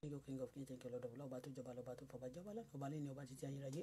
King of King of King thank you Lord of Lord ọba tó jọba lọ́ba tó fọba jọba lọ́nà ọba lẹ́ni ọba títí ayérayé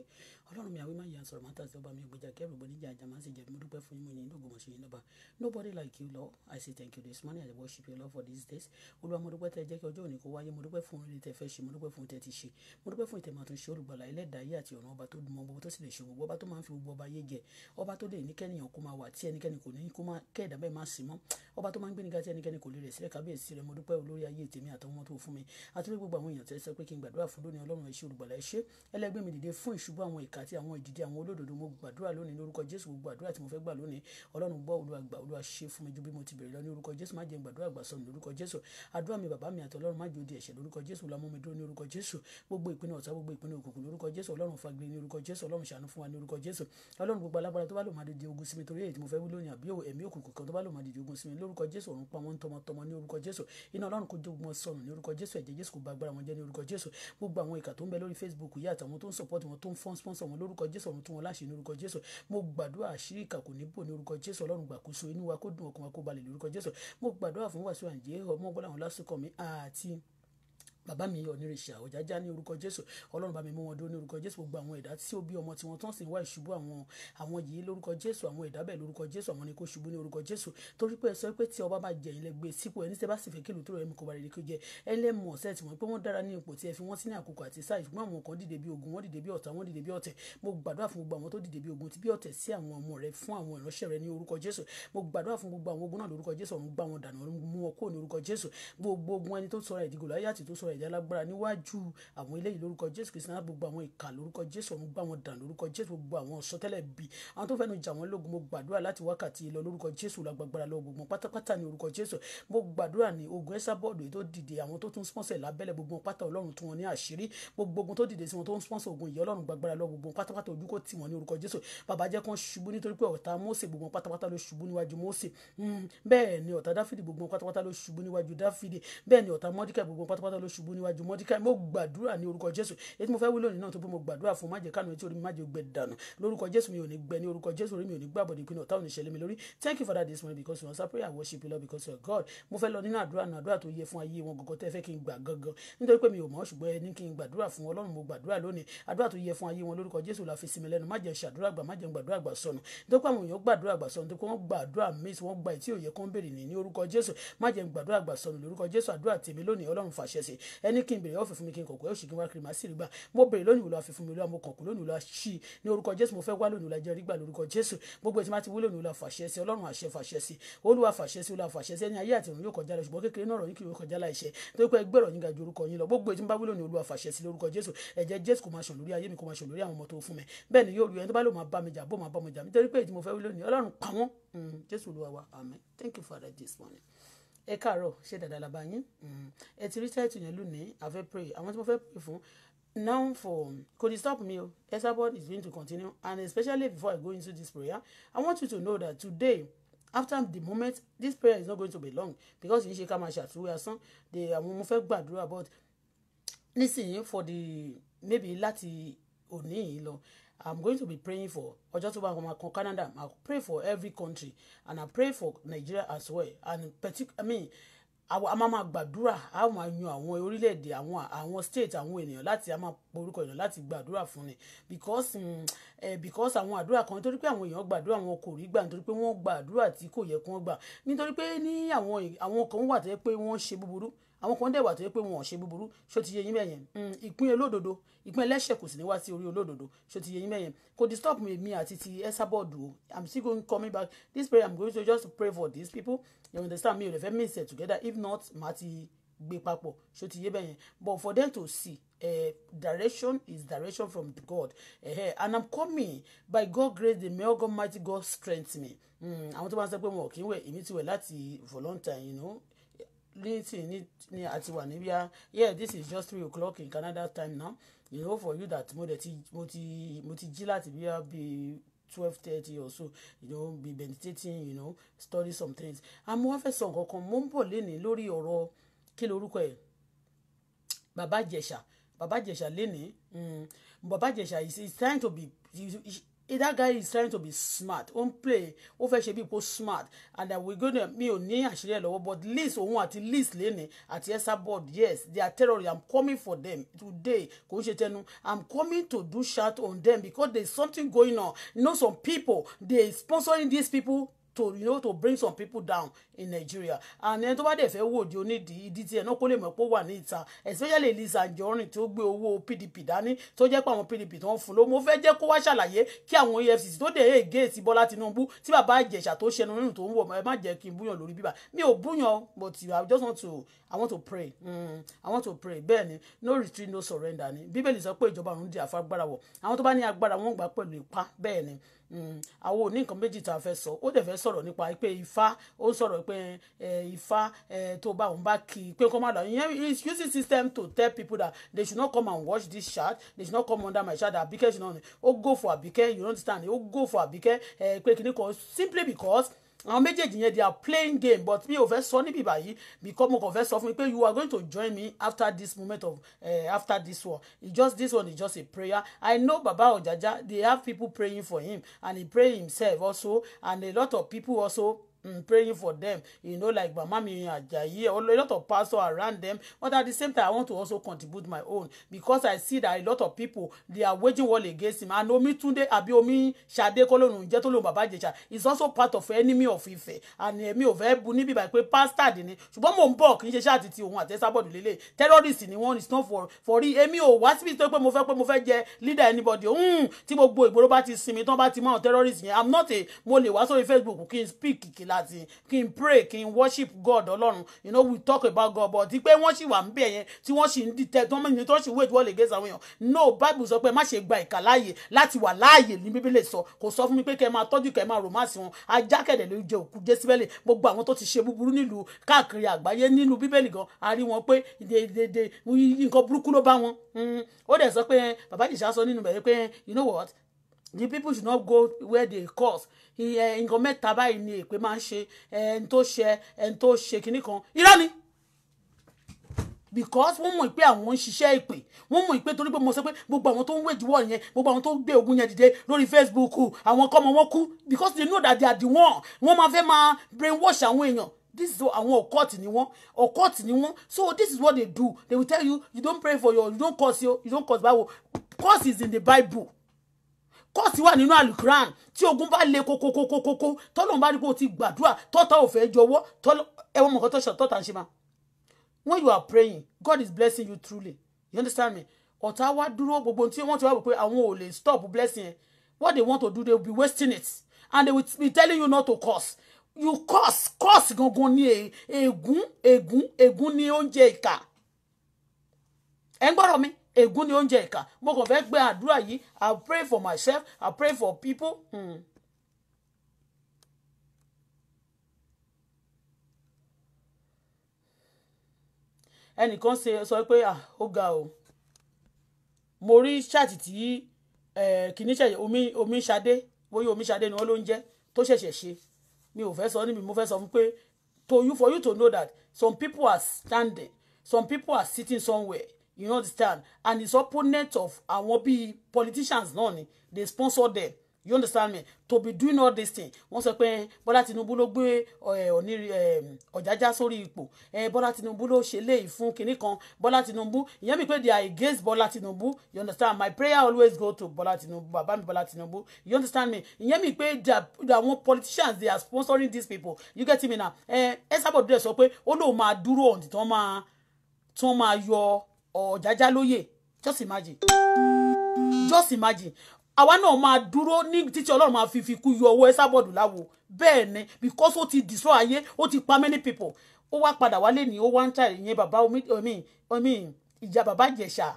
ọlọ́run mi àwímọ̀ ìyá sọ̀rọ̀ máta sí ọba mi ògbèjà kẹrù bọ́ níjà àjàmá sí jẹ̀bi mo dúpẹ́ fún yín mo yìn lógo mọ̀ṣẹ́ yín lọ́ba nobody like you Lord I say thank you this morning I worship you Lord for these days olúwa mo dúpẹ́ tẹ jẹ́ kí ọjọ́ òní kó wáyé mo dúpẹ́ fún orí tẹ fẹ́ ṣe mo dúpẹ́ fún tẹ ti ṣe mo dúpẹ́ fún ìtẹ̀mọ̀túnṣe olùgbàlà ẹlẹ́dàá ayé àti ọ̀run ọba tó dùn mọ́ gbogbo tó sì lè ṣe gbogbo ọba tó máa ń fi gbogbo ọba yé jẹ ọba tó lè ní kẹ́nìyàn kó máa wà tí ẹnikẹ́ni kò ní kó máa kẹ́ẹ̀dá bẹ́ẹ̀ máa sì mọ́ ọba tó máa ń gbé nígbà tí ẹnikẹ́ni kò lè rẹ̀ sílẹ̀ kábíyèsí rẹ̀ mo dúpẹ́ olórí ayé tèmi àtọwọ́n tó fún mi àtúrò gbogbo àwọn èèyàn tẹ́ sọ pé kí n gbàdúrà fún lónìí ọlọ́run ẹ ṣé olùgbàlà ẹ ṣé ẹlẹ́gbẹ́ mi dìde fún ìṣubú àwọn ìka àti àwọn ìdìde àwọn olódodo mo gbàdúrà lónìí lórúkọ jésù gbogbo àdúrà tí mo fẹ́ gbà lónìí ọlọ́run gbọ́ olúwa gbà olúwa ṣe fún mi ju bí mo ti bèrè lọ ní orúkọ jésù má jẹ́ gbàdúrà gbà sọnù lórúkọ jésù àdúrà mi bàbá mi àti ọlọ́run má jẹ́ odi ẹ̀ṣẹ̀ lórúkọ jésù lamọ́ mi dúró ní orúkọ jésù gbogbo ìpinnu ọ̀tá gbogbo ìpinnu òkùnkùn lórúkọ jésù ọlọ́run fagilé ní orúkọ jésù ọlọ́run ṣàánú fún wa agbára wọn jẹ́ ní orúkọ jésù gbogbo àwọn ìkà tó ń bẹ lórí facebook yìí àtàwọn tó ń support wọn tó ń fọ́n sponsor wọn lórúkọ jésù ọ̀run tó wọn láṣẹ ní orúkọ jésù mo gbàdúrà àṣírí ìkà kò ní orúkọ jésù ọlọ́run gbàkóso inú wa kó dùn ọkàn wa kó balẹ̀ lórúkọ jésù mo gbàdúrà fún wàsíù ọmọ gbọ́dọ̀ àwọn lásìkò mi àti bàbá mi onírìṣà ọ̀jájá ní orúkọ jésù ọlọ́run bá mi mú wọn dúró ní orúkọ jésù gbogbo àwọn ẹ̀dá tí ó bí ọmọ tí wọ́n tán sì ń wá ìṣubú àwọn àwọn yìí lórúkọ jésù àwọn ẹ̀dá bẹ́ẹ̀ lórúkọ jésù àwọn ni kò ṣubú ní orúkọ jésù torí pé ẹ sọ pé tí ọba bá jẹ ilẹ̀ gbé e sípò ẹni tẹ́ bá sì fẹ́ kí lùtúrọ̀ ẹ̀mí kò bá rèé kí ó jẹ ẹlẹ́mọ̀ ọ̀sẹ̀ tí wọ́n pé wọ́n dára ní ipò tí ẹ fi wọ́n sí ní àkókò àti sáà ṣùgbọ́n àwọn kan dìde bí ogun wọ́n dìde bí ìyá lágbára níwájú àwọn eléyìí lórúkọ jésù kristu náà gbogbo àwọn ìkà lórúkọ jésù ọ̀run gbà wọn dàn lórúkọ jésù gbogbo àwọn sọtẹ́lẹ̀ bì àwọn tó fẹ́nu jà wọ́n lógun mo gbàdúrà láti wákàtí lọ lórúkọ jésù lágbàgbára lọ gbogbo pátápátá ní orúkọ jésù mo gbàdúrà ní ogun ẹ́sà bọ́ọ̀dù tó dìde àwọn tó tún sponsor lábẹ́lẹ̀ gbogbo pátá ọlọ́run tún wọ́n ní ṣubú níwájú mọ́díkà mo gbàdúrà ní orúkọ jésù èyí tí mo fẹ́ wí lónìí náà tó pé mo gbàdúrà fún má kánú etí orí mi má gbẹ dànù lórúkọ jésù mi ò ní gbẹ ní orúkọ jésù orí mi ò ní gbàbọ̀dé ìpinnu ọ̀tá ò ṣẹlẹ̀ mi lórí thank you for that this morning because you answer prayer worship you lord because you are god mo fẹ́ lọ nínú àdúrà náà àdúrà tó yẹ fún ayé wọn gọ́gọ́ tẹ́ fẹ́ kí n gbà gangan nítorí pé mi ò mọ̀ ṣùgbọ́n ẹni kí n gbàdúrà fún ọlọ́run mo gbàdúrà lónìí àdúrà tó yẹ fún ayé wọn lórúkọ jésù la fi sinmi lẹ́nu má jẹ́ ṣàdúrà gbà má jẹ́ gbàdúrà gbà sọnù nítorí pé àwọn èèyàn gbàdúrà gbà sọnù nítorí pé wọ́n ẹni kí n bèrè yóò fi fún mi kí n kọ̀kọ́ yóò ṣì kí n wá kiri màá sì rí gbà mo bèrè lónìí olúwa fi fún mi olúwa mo kọ̀kọ́ lónìí olúwa ṣì ní orúkọ jésù mo fẹ́ wá lónìí olúwa jẹ́ rí gbà lórúkọ jésù gbogbo ètò máa ti wúlò ní olúwa fàṣẹ sí ọlọ́run àṣẹ fàṣẹ sí olúwa fàṣẹ sí olúwa fàṣẹ sí ẹni ayé àti ìrùn yóò kọjá lọ ṣùgbọ́n kékeré náà rọ̀ yín kì yóò kọjá láìṣẹ torí pé ẹgbẹ́ rọ̀ yín ga ju orúkọ yín lọ gbogbo ètò bá wúlò ní olúwa fàṣẹ sí lórúkọ jésù ẹ̀jẹ̀ jésù kò máa ṣàn lórí ayé mi kò máa ṣàn lórí àwọn ọmọ tó fún mi bẹ́ẹ̀ ni yóò rí ẹni tó bá lò máa bá mi jà bó máa bá mi jà nítorí pé hmm, thank you father this morning ẹ káàárọ̀ ṣe dáadáa la bá yín mm. ẹ ti rí táìtù yẹn lónìí i fẹ́ pray àwọn tí mo fẹ́ pray fún now for could you stop me o esabod is going to continue and especially before i go into this prayer i want you to know that today after the moment this prayer is not going to be long because yìí ṣe ká máa ṣàtúwé asán de àwọn mo fẹ́ gbàdúrà but nísìnyí for the maybe láti òní yìí lọ I'm going to be praying for ọjọ́ tó bá wọn Canada I pray for every country and I pray for Nigeria as well and particular I mean a máa máa gbàdúrà a máa yan àwọn orílẹ̀-èdè àwọn àwọn state àwọn ènìyàn láti a máa porúkọ ènìyàn láti gbàdúrà fún ni because um, eh, because àwọn àdúrà kan nítorí pé àwọn èèyàn gbàdúrà wọn kò rí gbà nítorí pé wọ́n gbàdúrà tí kò yẹ kí wọ́n gbà nítorí pé ní àwọn àwọn kan wà tẹ́ pé wọ́n ṣe búburú àwọn kan dẹ̀wà tó yẹ pé wọn ò ṣe búburú ṣó ti yé yín mẹ́yẹn mm, ìpín olódodo ìpín ẹlẹ́ṣẹ̀ kò sì ní wá sí orí olódodo ṣó ti yé yín mẹ́yẹn kò disturb me mi àti ti ẹsàbọ̀dù o i'm still going coming back this prayer i'm going to just pray for these people you understand me you fẹ́ mix it together if not màá ti gbé papọ̀ ṣó ti yé bẹ́ẹ̀ yẹn but for them to see uh, direction is direction from God uh, and I'm coming by God grace the may God mighty God strength me mm, àwọn tó bá ń sọ pé wọn ò kí ń wẹ̀ èmi ti wẹ̀ láti volunteer you know late ni àti wà ní bíyà yeah this is just three o'clock in Canada time now you know for you that mo dẹ̀ ti mo ti mo ti jí láti bíyà bíi twelve thirty or so you know be meditating you know study some things àmọ́ wọ́n fẹ́ sọ nǹkan kan mo ń bọ̀ lénìí lórí ọ̀rọ̀ kí lorúkọ ẹ̀ bàbá Ìjẹ̀ṣà bàbá Ìjẹ̀ṣà lénìí hmm. bàbá Ìjẹ̀ṣà is is trying to be If that guy is trying to be smart ó ń play ó fẹ́ ṣe bí ipò smart and that we go there mi ò ní àṣírí ẹ̀ lọ́wọ́ but Liz òun àti Liz lẹ́nìí àti esa board yes they are terrorists i'm coming for them today kò ń ṣe tẹnu i'm coming to do shout on them because there is something going on you know some people they sponsoring these people to you know to bring some people down in Nigeria and ẹni tó bá dẹ̀ fẹ́ wò di onídìí ìdí tiẹ̀ náà kó lè mọ̀ pé ó wà ní ìta especially Lizzy Anjorin tó gbé owó PDP dání tó jẹ́ pé àwọn PDP tó ń fún ló mo fẹ́ jẹ́ kó wá ṣàlàyé kí àwọn EFCC tó dẹ̀ ègé ti Bọ́lá Tinubu tí bàbá Ìjẹ̀ṣà tó ṣẹnu nínú tó ń wọ̀ ẹ má jẹ́ kí n búyàn lórí bíbà mi ò búyàn but I just want to I want to pray mm, I want to pray bẹ́ẹ̀ ni no retreat no surrender ni Bíbélì sọ pé ìjọba òun di àfagbára wọ̀ àwọn tó bá ní agbára wọn gbà pẹ̀lú ipá bẹ́ẹ̀ ni mm-hmm. àwọn ò ní nǹkan méjì tá a fẹ́ sọ ó dẹ̀ fẹ́ sọ sọ̀rọ̀ nípa pé ifá ó sọ̀rọ̀ pé ifá tó bá òun bá kì í pé kó má lọ ìyẹn is using system to tell people that they should not come and watch this chat they should not come under my chat Abike should not ó go for Abike you understand ó go for Abike pé kìnnìkan simply because àwọn méjèèjì yẹn they are playing game but mi ò fẹ́ sọ níbi báyìí because mo kàn fẹ́ sọ fún mi pé you are going to join me after this moment of uh, after this war e just this one is just a prayer I know Baba Ojaja they have people praying for him and he pray himself also and a lot of people also mm, praying for them you know like Mamami Ajayi a lot of pastors around them but at the same time I want to also contribute my own because I see that a lot of people they are waging war against him and Omitunde àbí omi Ṣadé kọlọrun jẹ tó lóun bàbá Ìjẹ̀ṣà is also part of enemy of Ife and èmi eh, ò fẹ́ bu níbí báyìí pé pastor dì ní ṣùgbọ́n mò ń bọ̀ kì í ṣe ṣáà ti ti òun àti terrorist ni wọ́n is not for for real èmi ò wá síbi tó pé mo fẹ́ pé mo fẹ́ jẹ leader anybody hmm, tí gbogbo ìgboro bá ti sinmi tán bá ti mọ àwọn terrorist yẹn I'm not a mo lè wá sórí Facebook kí n speak kìkìlá that kí n pray kí n worship God ọlọ́run you know we talk about God but ti pé wọ́n sì wà ń bẹ̀ yẹn tí wọ́n sì ń dìtẹ̀ tó mọ̀ tó sì wait wọ́n lè gé sàwọn èèyàn no Bible sọ pé má ṣe gba ìkà láàyè láti wà láàyè ní bíbélì sọ kò sọ fún mi pé kẹ́ máa tọ́jú kẹ́ máa romance wọn ajá kẹ̀dẹ̀ ló jẹ òkú jésìbẹ́lì gbogbo àwọn tó ti ṣe búburú nílùú káàkiri àgbáyé nílùú bíbélì gan a rí wọn pé dèdè nǹkan burúkú ló bá wọn hmm. ó dẹ̀ sọ pé bàbá ìṣàsọ nínú bẹ̀rẹ̀ you know what the people should not go where they cause eh, nǹkan mẹ́ta báyìí ni èpè máa ń ṣe ẹni tó ṣe ẹni tó ṣe kinní kan irọ́ ni because wọ́n mọ̀ pé àwọn ń ṣiṣẹ́ ìpè wọ́n mọ̀ pé torí pé mo sọ pé gbogbo àwọn tó ń wage war yẹn gbogbo àwọn tó ń gbé ogun yẹn dìde lórí facebook àwọn kọ́mọ wọn kú because they know that they are the one wọ́n máa fẹ́ máa brainwash àwọn èèyàn this is àwọn occult ni wọ́n occult ni wọ́n so this is what they do they will tell you you don't pray for your you don't curse your you don't curse Bible. curse is in the bible kọ́ọ̀sì wà nínú alukuran tí ogun bá le kókókókókó tọ́lọ́run bá rí pé o ti gbàdúrà tọ́ta ò fẹ́ jọ̀wọ́ ẹwọ́n mọ̀kọ́ tọ́ṣọ tọ́ta ń ṣe máa when you are praying God is blessing you truly you understand me ọ̀tá wá dúró gbogbo tí wọ́n ti wá wò pé àwọn ò lè stop blessing what they want to do they will be wasting it and they will be telling you not to curse you curse curse gangan ni ègún e, ègún ègún ègún ni oúnjẹ ìkà ẹ̀ ń gbọ́dọ̀ mi ègún ni oúnjẹ ìkà mo kàn fẹ́ gbé àdúrà yìí i pray for myself i pray for people. Hmm. ẹnìkan ṣe sọ pé ah ó ga o mo rí ṣáàtì tí kìíní ṣẹ̀ṣẹ̀ omi omi ṣadé bóyá omi ṣadé ni wọ́n ló ń jẹ́ tó ṣẹ̀ṣẹ̀ ṣe mi ò fẹ́ sọ níbi mo fẹ́ sọ pé to you for you to know that some people are standing some people are sitting somewhere you know understand and his opponent of àwọn be politicians No, ni they sponsor them you understand me to be doing all this thing wọ́n sọ pé Bọ́lá Tinubu ló gbé Ọ̀ní eh, eh, Ọ̀jájá sórí ipò eh, Bọ́lá Tinubu ló ṣe léyìí fún kinní kan Bọ́lá Tinubu ìyẹn mi pé they are against Bọ́lá Tinubu you understand my prayer always go to Bọ́lá Tinubu bàbá mi Bọ́lá Tinubu you understand me ìyẹn mi pé àwọn politicians they are sponsoring these people you get me now? Eh, sábà dúró ẹ sọ pé ó lóun máa dúró ọ̀n tí wọ́n máa yọ or Jajaloye just imagine just imagine àwa náà máa dúró ní títí ọlọ́run máa fi fi kú yọ owó Esabod láwo bẹ́ẹ̀ ni because ó ti destroy ayé ó ti pa many people ó wá padà wálé ní ó wá ń tà ìyẹn bàbá omi ìjà bàbá Ìjẹ̀ṣà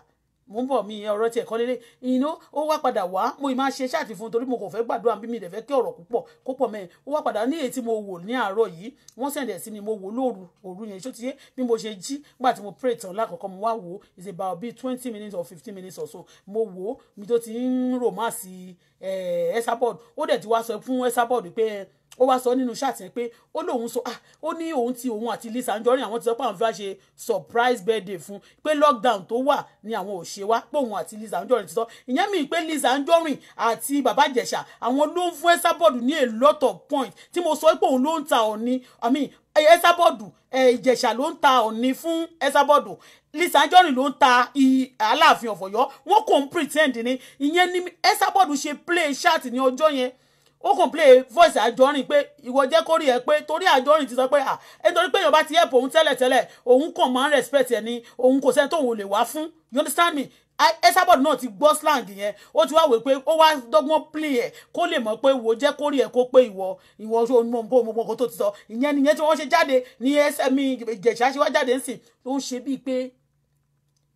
mo ń bọ̀ mi ọ̀rọ̀ tiẹ̀ kọ́ lélẹ̀ iná ó wá padà wá mo ì máa ṣe ṣáàtì fún un torí mo kò fẹ́ gbàdúrà bí mi rẹ̀ fẹ́ kí ọ̀rọ̀ púpọ̀ kó pọ̀ mẹ́rin ó wá padà ní èyí tí mo wò ní àárọ̀ yìí wọ́n sẹ̀ǹdẹ̀ sí ni mo wò lóru òru yẹn ṣó ti yé bí mo ṣe jí nígbà tí mo pray tán lákọ̀ọ́kọ́ mo wá wò is about bíi twenty minutes or fifteen minutes or so mo wò mi tó ti ń rò má sí ẹ̀ẹ́sábọ̀d ó dẹ̀ ti wá sọ fún ẹ̀sábọ̀d pé ó wá sọ nínú ṣáàtì yẹn pé ó lóun sọ ah, ó ní òun ti òun àti Lizzy Anjorin àwọn ti sọ pé àwọn fẹ́ ṣe surprise birthday fún pé lockdown tó wà ni àwọn ò ṣe wá pé òun àti Lizzy Anjorin ti sọ ìyẹn mi pé Lizzy Anjorin àti bàbá Ìjẹ̀ṣà àwọn ló ń fún Esabod ní a lot of points. tí mo sọ pé òun ló ń ta Ọọ̀ni i mean Esabod eh, Ìjẹ̀ṣà ló ń ta Ọọ̀ni fún Esabod Lizzy Anjorin ló ń ta Aláàfin of Ọ̀yọ́ wọn kò ń pretend ni ìyẹn ni Esabod ṣe play ṣáàtì ní ọjọ́ yẹn ó kàn play voice àjọrin pé ìwọ jẹ́ kórè ẹ pé torí àjọrin ti sọ pé à ẹ nítorí pé èèyàn bá ti help òun tẹ́lẹ̀tẹ́lẹ̀ òun kàn máa ń respect ẹ ni òun kò sẹ́ni tóun ò lè wá fún you understand me esabod náà ti gbọ́ slang yẹn ó ti wá wò pé ó wá dọ́gbọ́n play ẹ̀ kó lè mọ̀ pé wo jẹ́ kórè ẹ̀ kó pé ìwọ ìwọ oṣù tó ti sọ ìyẹn nìyẹn tí wọ́n ṣe jáde ní ẹsẹ̀ mi ìjẹ̀ṣà ṣe wá jáde ń sìn tó ń ṣe bíi pé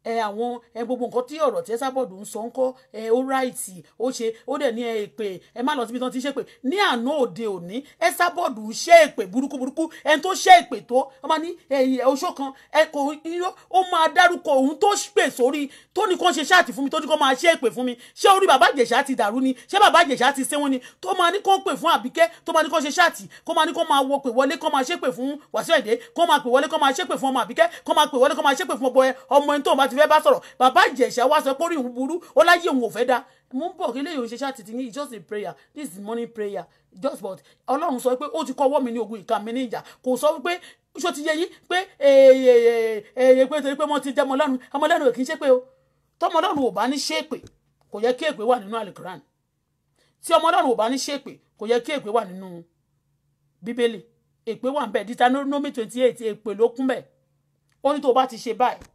ẹ àwọn ẹ gbogbo nǹkan tí ọ̀rọ̀ tí ẹ sábọ̀dù ń sọ ń kọ́ ẹ ó ráìtì ó ṣe ó dẹ̀ ní ẹ èpè ẹ má lọ síbi tí wọ́n ti ń ṣèpè ní àná òde òní ẹ sábọ̀dù ń ṣe èpè burúkú burúkú ẹni tó ṣe èpè tó ọ máa ní ẹyìn oṣó kan ẹ kò irọ́ ó máa dárúkọ òun tó pè sórí tó ní kàn ṣe ṣáàtì fún mi tó ní kàn máa ṣe èpè fún mi ṣé orí bàbá ìjẹ̀ṣà ti dàrú ni ṣé bàbá ìjẹ̀ṣà ni tó máa ní kàn pè fún àbíkẹ́ tó máa ní kàn ṣe ṣáàtì kó máa ní kàn máa wọ pè wọlé kàn máa ṣépè fún wàṣẹ́ ìdè kó máa pè wọlé kàn máa ṣépè fún ọmọ àbíkẹ́ kó máa pè ti fẹ́ bá sọ̀rọ̀ bàbá ìjẹ̀ṣà wá sọ pé orí òun burú ó láyé òun ò fẹ́ dá mo ń bọ̀ kí lèyìn òṣèṣà títí ní just a prayer this is morning prayer just but ọlọ́run sọ pé ó ti kọ́ ọwọ́ mi ní ogun ìka mi ní ìjà kò sọ pé ṣó ti yẹ yín pé èèyàn pé torí pé wọ́n ti jẹ́ ọmọ ọlọ́run kì í ṣépè o tọmọ ò bá ní ṣépè kò yẹ kí èpè wà nínú alukuran tí ọmọ ò bá ní ṣépè kò yẹ kí èpè wà nínú bíbélì èpè wà ń bẹ Deuteronomy twenty eight èpè ló kún bẹ̀ ó ní tó o bá ti ṣe báyìí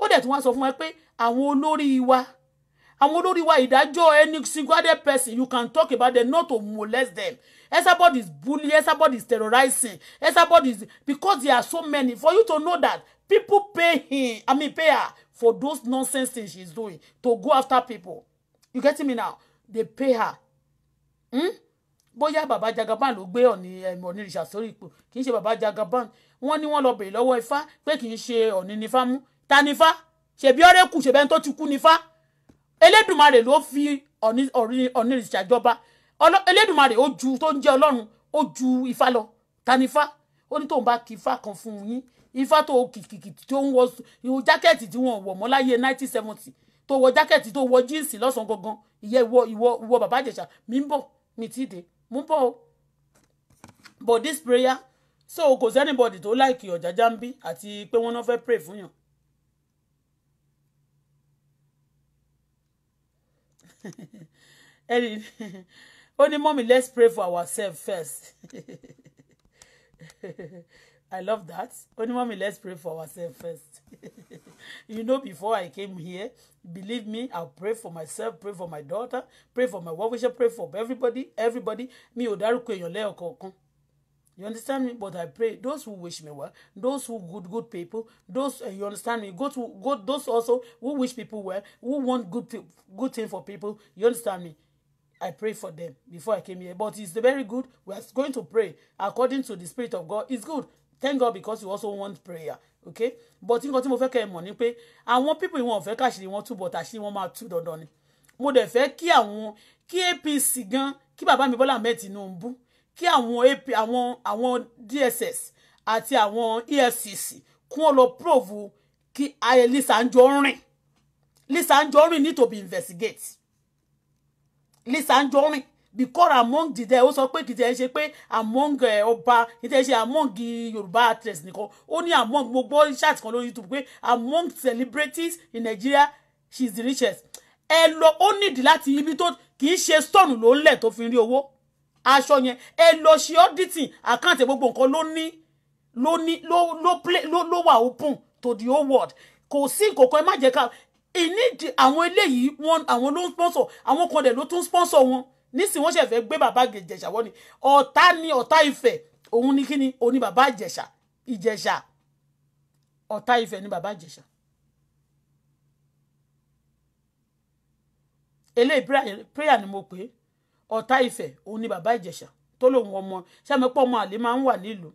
ó dẹ̀ tún wá sọ fún wa pé àwọn olórí wa àwọn olórí wa ìdájọ́ any single other person you can talk about them not to molest them everybody is bullying everybody is terrorizing everybody is because there are so many for you to know that people pay him i mean pay her for those nonsense things she's doing to go after people you get me now they pay her hmm? bóyá bàbá Jagaban ló gbé ọ̀ní ọ̀nìrìṣà sórí ipò kì í ṣe bàbá Jagaban wọ́n ní wọ́n lọ bèrè lọ́wọ́ ifá pé kì í ṣe ọ̀ní nífá mú ta ni fa kù ṣèbí tó ti kú ni elédùnmarè ló fi ọ̀nìrìṣà jọba elédùnmarè ó ju tó ń jẹ́ ọlọ́run ó ju ifá lọ ta ó ní tóun bá kí ifá kan fún un yín ifá tó kìkìkì tó ń wọ ìwọ jákẹ́ẹ̀tì tí wọ́n wọ̀ mọ́ láyé tó wọ jákẹ́ẹ̀tì tó wọ jíǹsì lọ́sàn-án gangan ìyẹn ìwọ ìwọ ìwọ bàbá àjẹsà mi ń bọ̀ mi ti dé mo bọ̀ o but this prayer so kò sẹ́nibọ̀dì tó láìkì ọ̀jájá ń bí àti pé wọ́n náà fẹ́ pray fún yàn ó only mommy. let's pray for ourselves first I love that Only mommy. let's pray for ourselves first you know before I came here believe me I'll pray for myself pray for my daughter pray for my wife Shall pray for everybody everybody mi ò dárúkọ èèyàn lẹ́ẹ̀kọ̀ọ̀kan You understand me? But I pray those who wish me well, those who good good people, those uh, you understand me. Go to go those also who wish people well, who want good good thing for people. You understand me? I pray for them before I came here. But it's very good. We are going to pray according to the spirit of God. It's good. Thank God because you also want prayer. Okay? But nǹkan tí mo fẹ́ kẹ́ ẹ mọ̀ ni pé àwọn people wọn ò fẹ́ káṣírí wọn tú but àṣírí wọn máa tú dandan ni. Mo dẹ̀ fẹ́ kí àwọn kí APC gan kí bàbá mi Bọ́lá Ahmed Tinubu. No kí àwọn ap àwọn àwọn dss àti àwọn efcc kún ọ lọ prove kí Lizzy Anjorin Lizzy Anjorin need to be investigate Lizzy Anjorin because among the there ó sọ pé kìtẹ́ ṣe pé among eh, ọba kìtẹ́ ṣe among yorùbá actress nìkan ó ní among mo gbọ́ chat kan lórí youtube pé among celebrities in nigeria she is the richest ẹ lọ ó nídìí láti ibi tó kì í ṣe stone ló ń lẹ̀ tó fi rí owó aṣọ yẹn ẹ lọ ṣe ọ́dítì àkáǹtì gbogbo nǹkan ló ní ló ní ló ló play ló ló wà open to the whole world kò sí ìkòkò ẹ má jẹ́ ká ìní àwọn eléyìí wọn àwọn ló ń sponsor àwọn kan dẹ̀ ló tún sponsor wọn nísìnyí wọ́n ṣe fẹ́ gbé bàbá ìjẹ̀ṣà wọ́n ni ọ̀tá ni ọ̀tá ìfẹ́ òun ni kíni òun ni bàbá ìjẹ̀ṣà ìjẹ̀ṣà ọ̀tá ìfẹ́ ni bàbá ìjẹ̀ṣà. eléyìí prayer ni mo pè é ọ̀tá ìfẹ́ òun ni bàbá ìjẹ̀ṣà tó lòun ọmọ sàmẹ́pọ̀ ọmọ àlè máa ń wà nílùú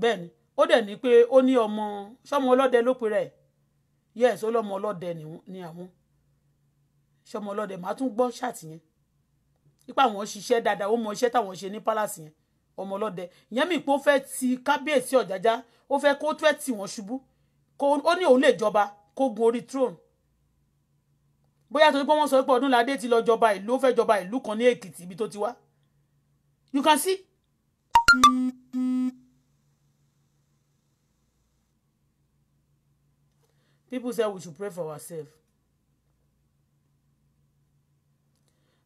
bẹ́ẹ̀ ni ó dẹ̀ ní pé ó ní ọmọ sọmọ ọlọ́dẹ ló pe rẹ̀ yẹ́ẹ̀sì ọlọ́mọ ọlọ́dẹ ni àwọn sọmọ ọlọ́dẹ màá tún gbọ́ ṣáàtì yẹn nípa àwọn ṣiṣẹ́ dáadáa ó mọ iṣẹ́ táwọn ṣe ní palace yẹn ọmọ ọlọ́dẹ ìyẹn mi pé ó fẹ́ ti kábíyèsí ọ̀jájá ó fẹ́ kó tó ẹ̀ tì wọ́n ṣubú ó ní òun lè jọba kó gun orí throne bóyá torí pé wọ́n sọ pé Ọdúnládé ti lọ jọba ìlú ó fẹ́ jọba ìlú kan ní Èkìtì ibi tó ti wá you can see. people say we should pray for ourselves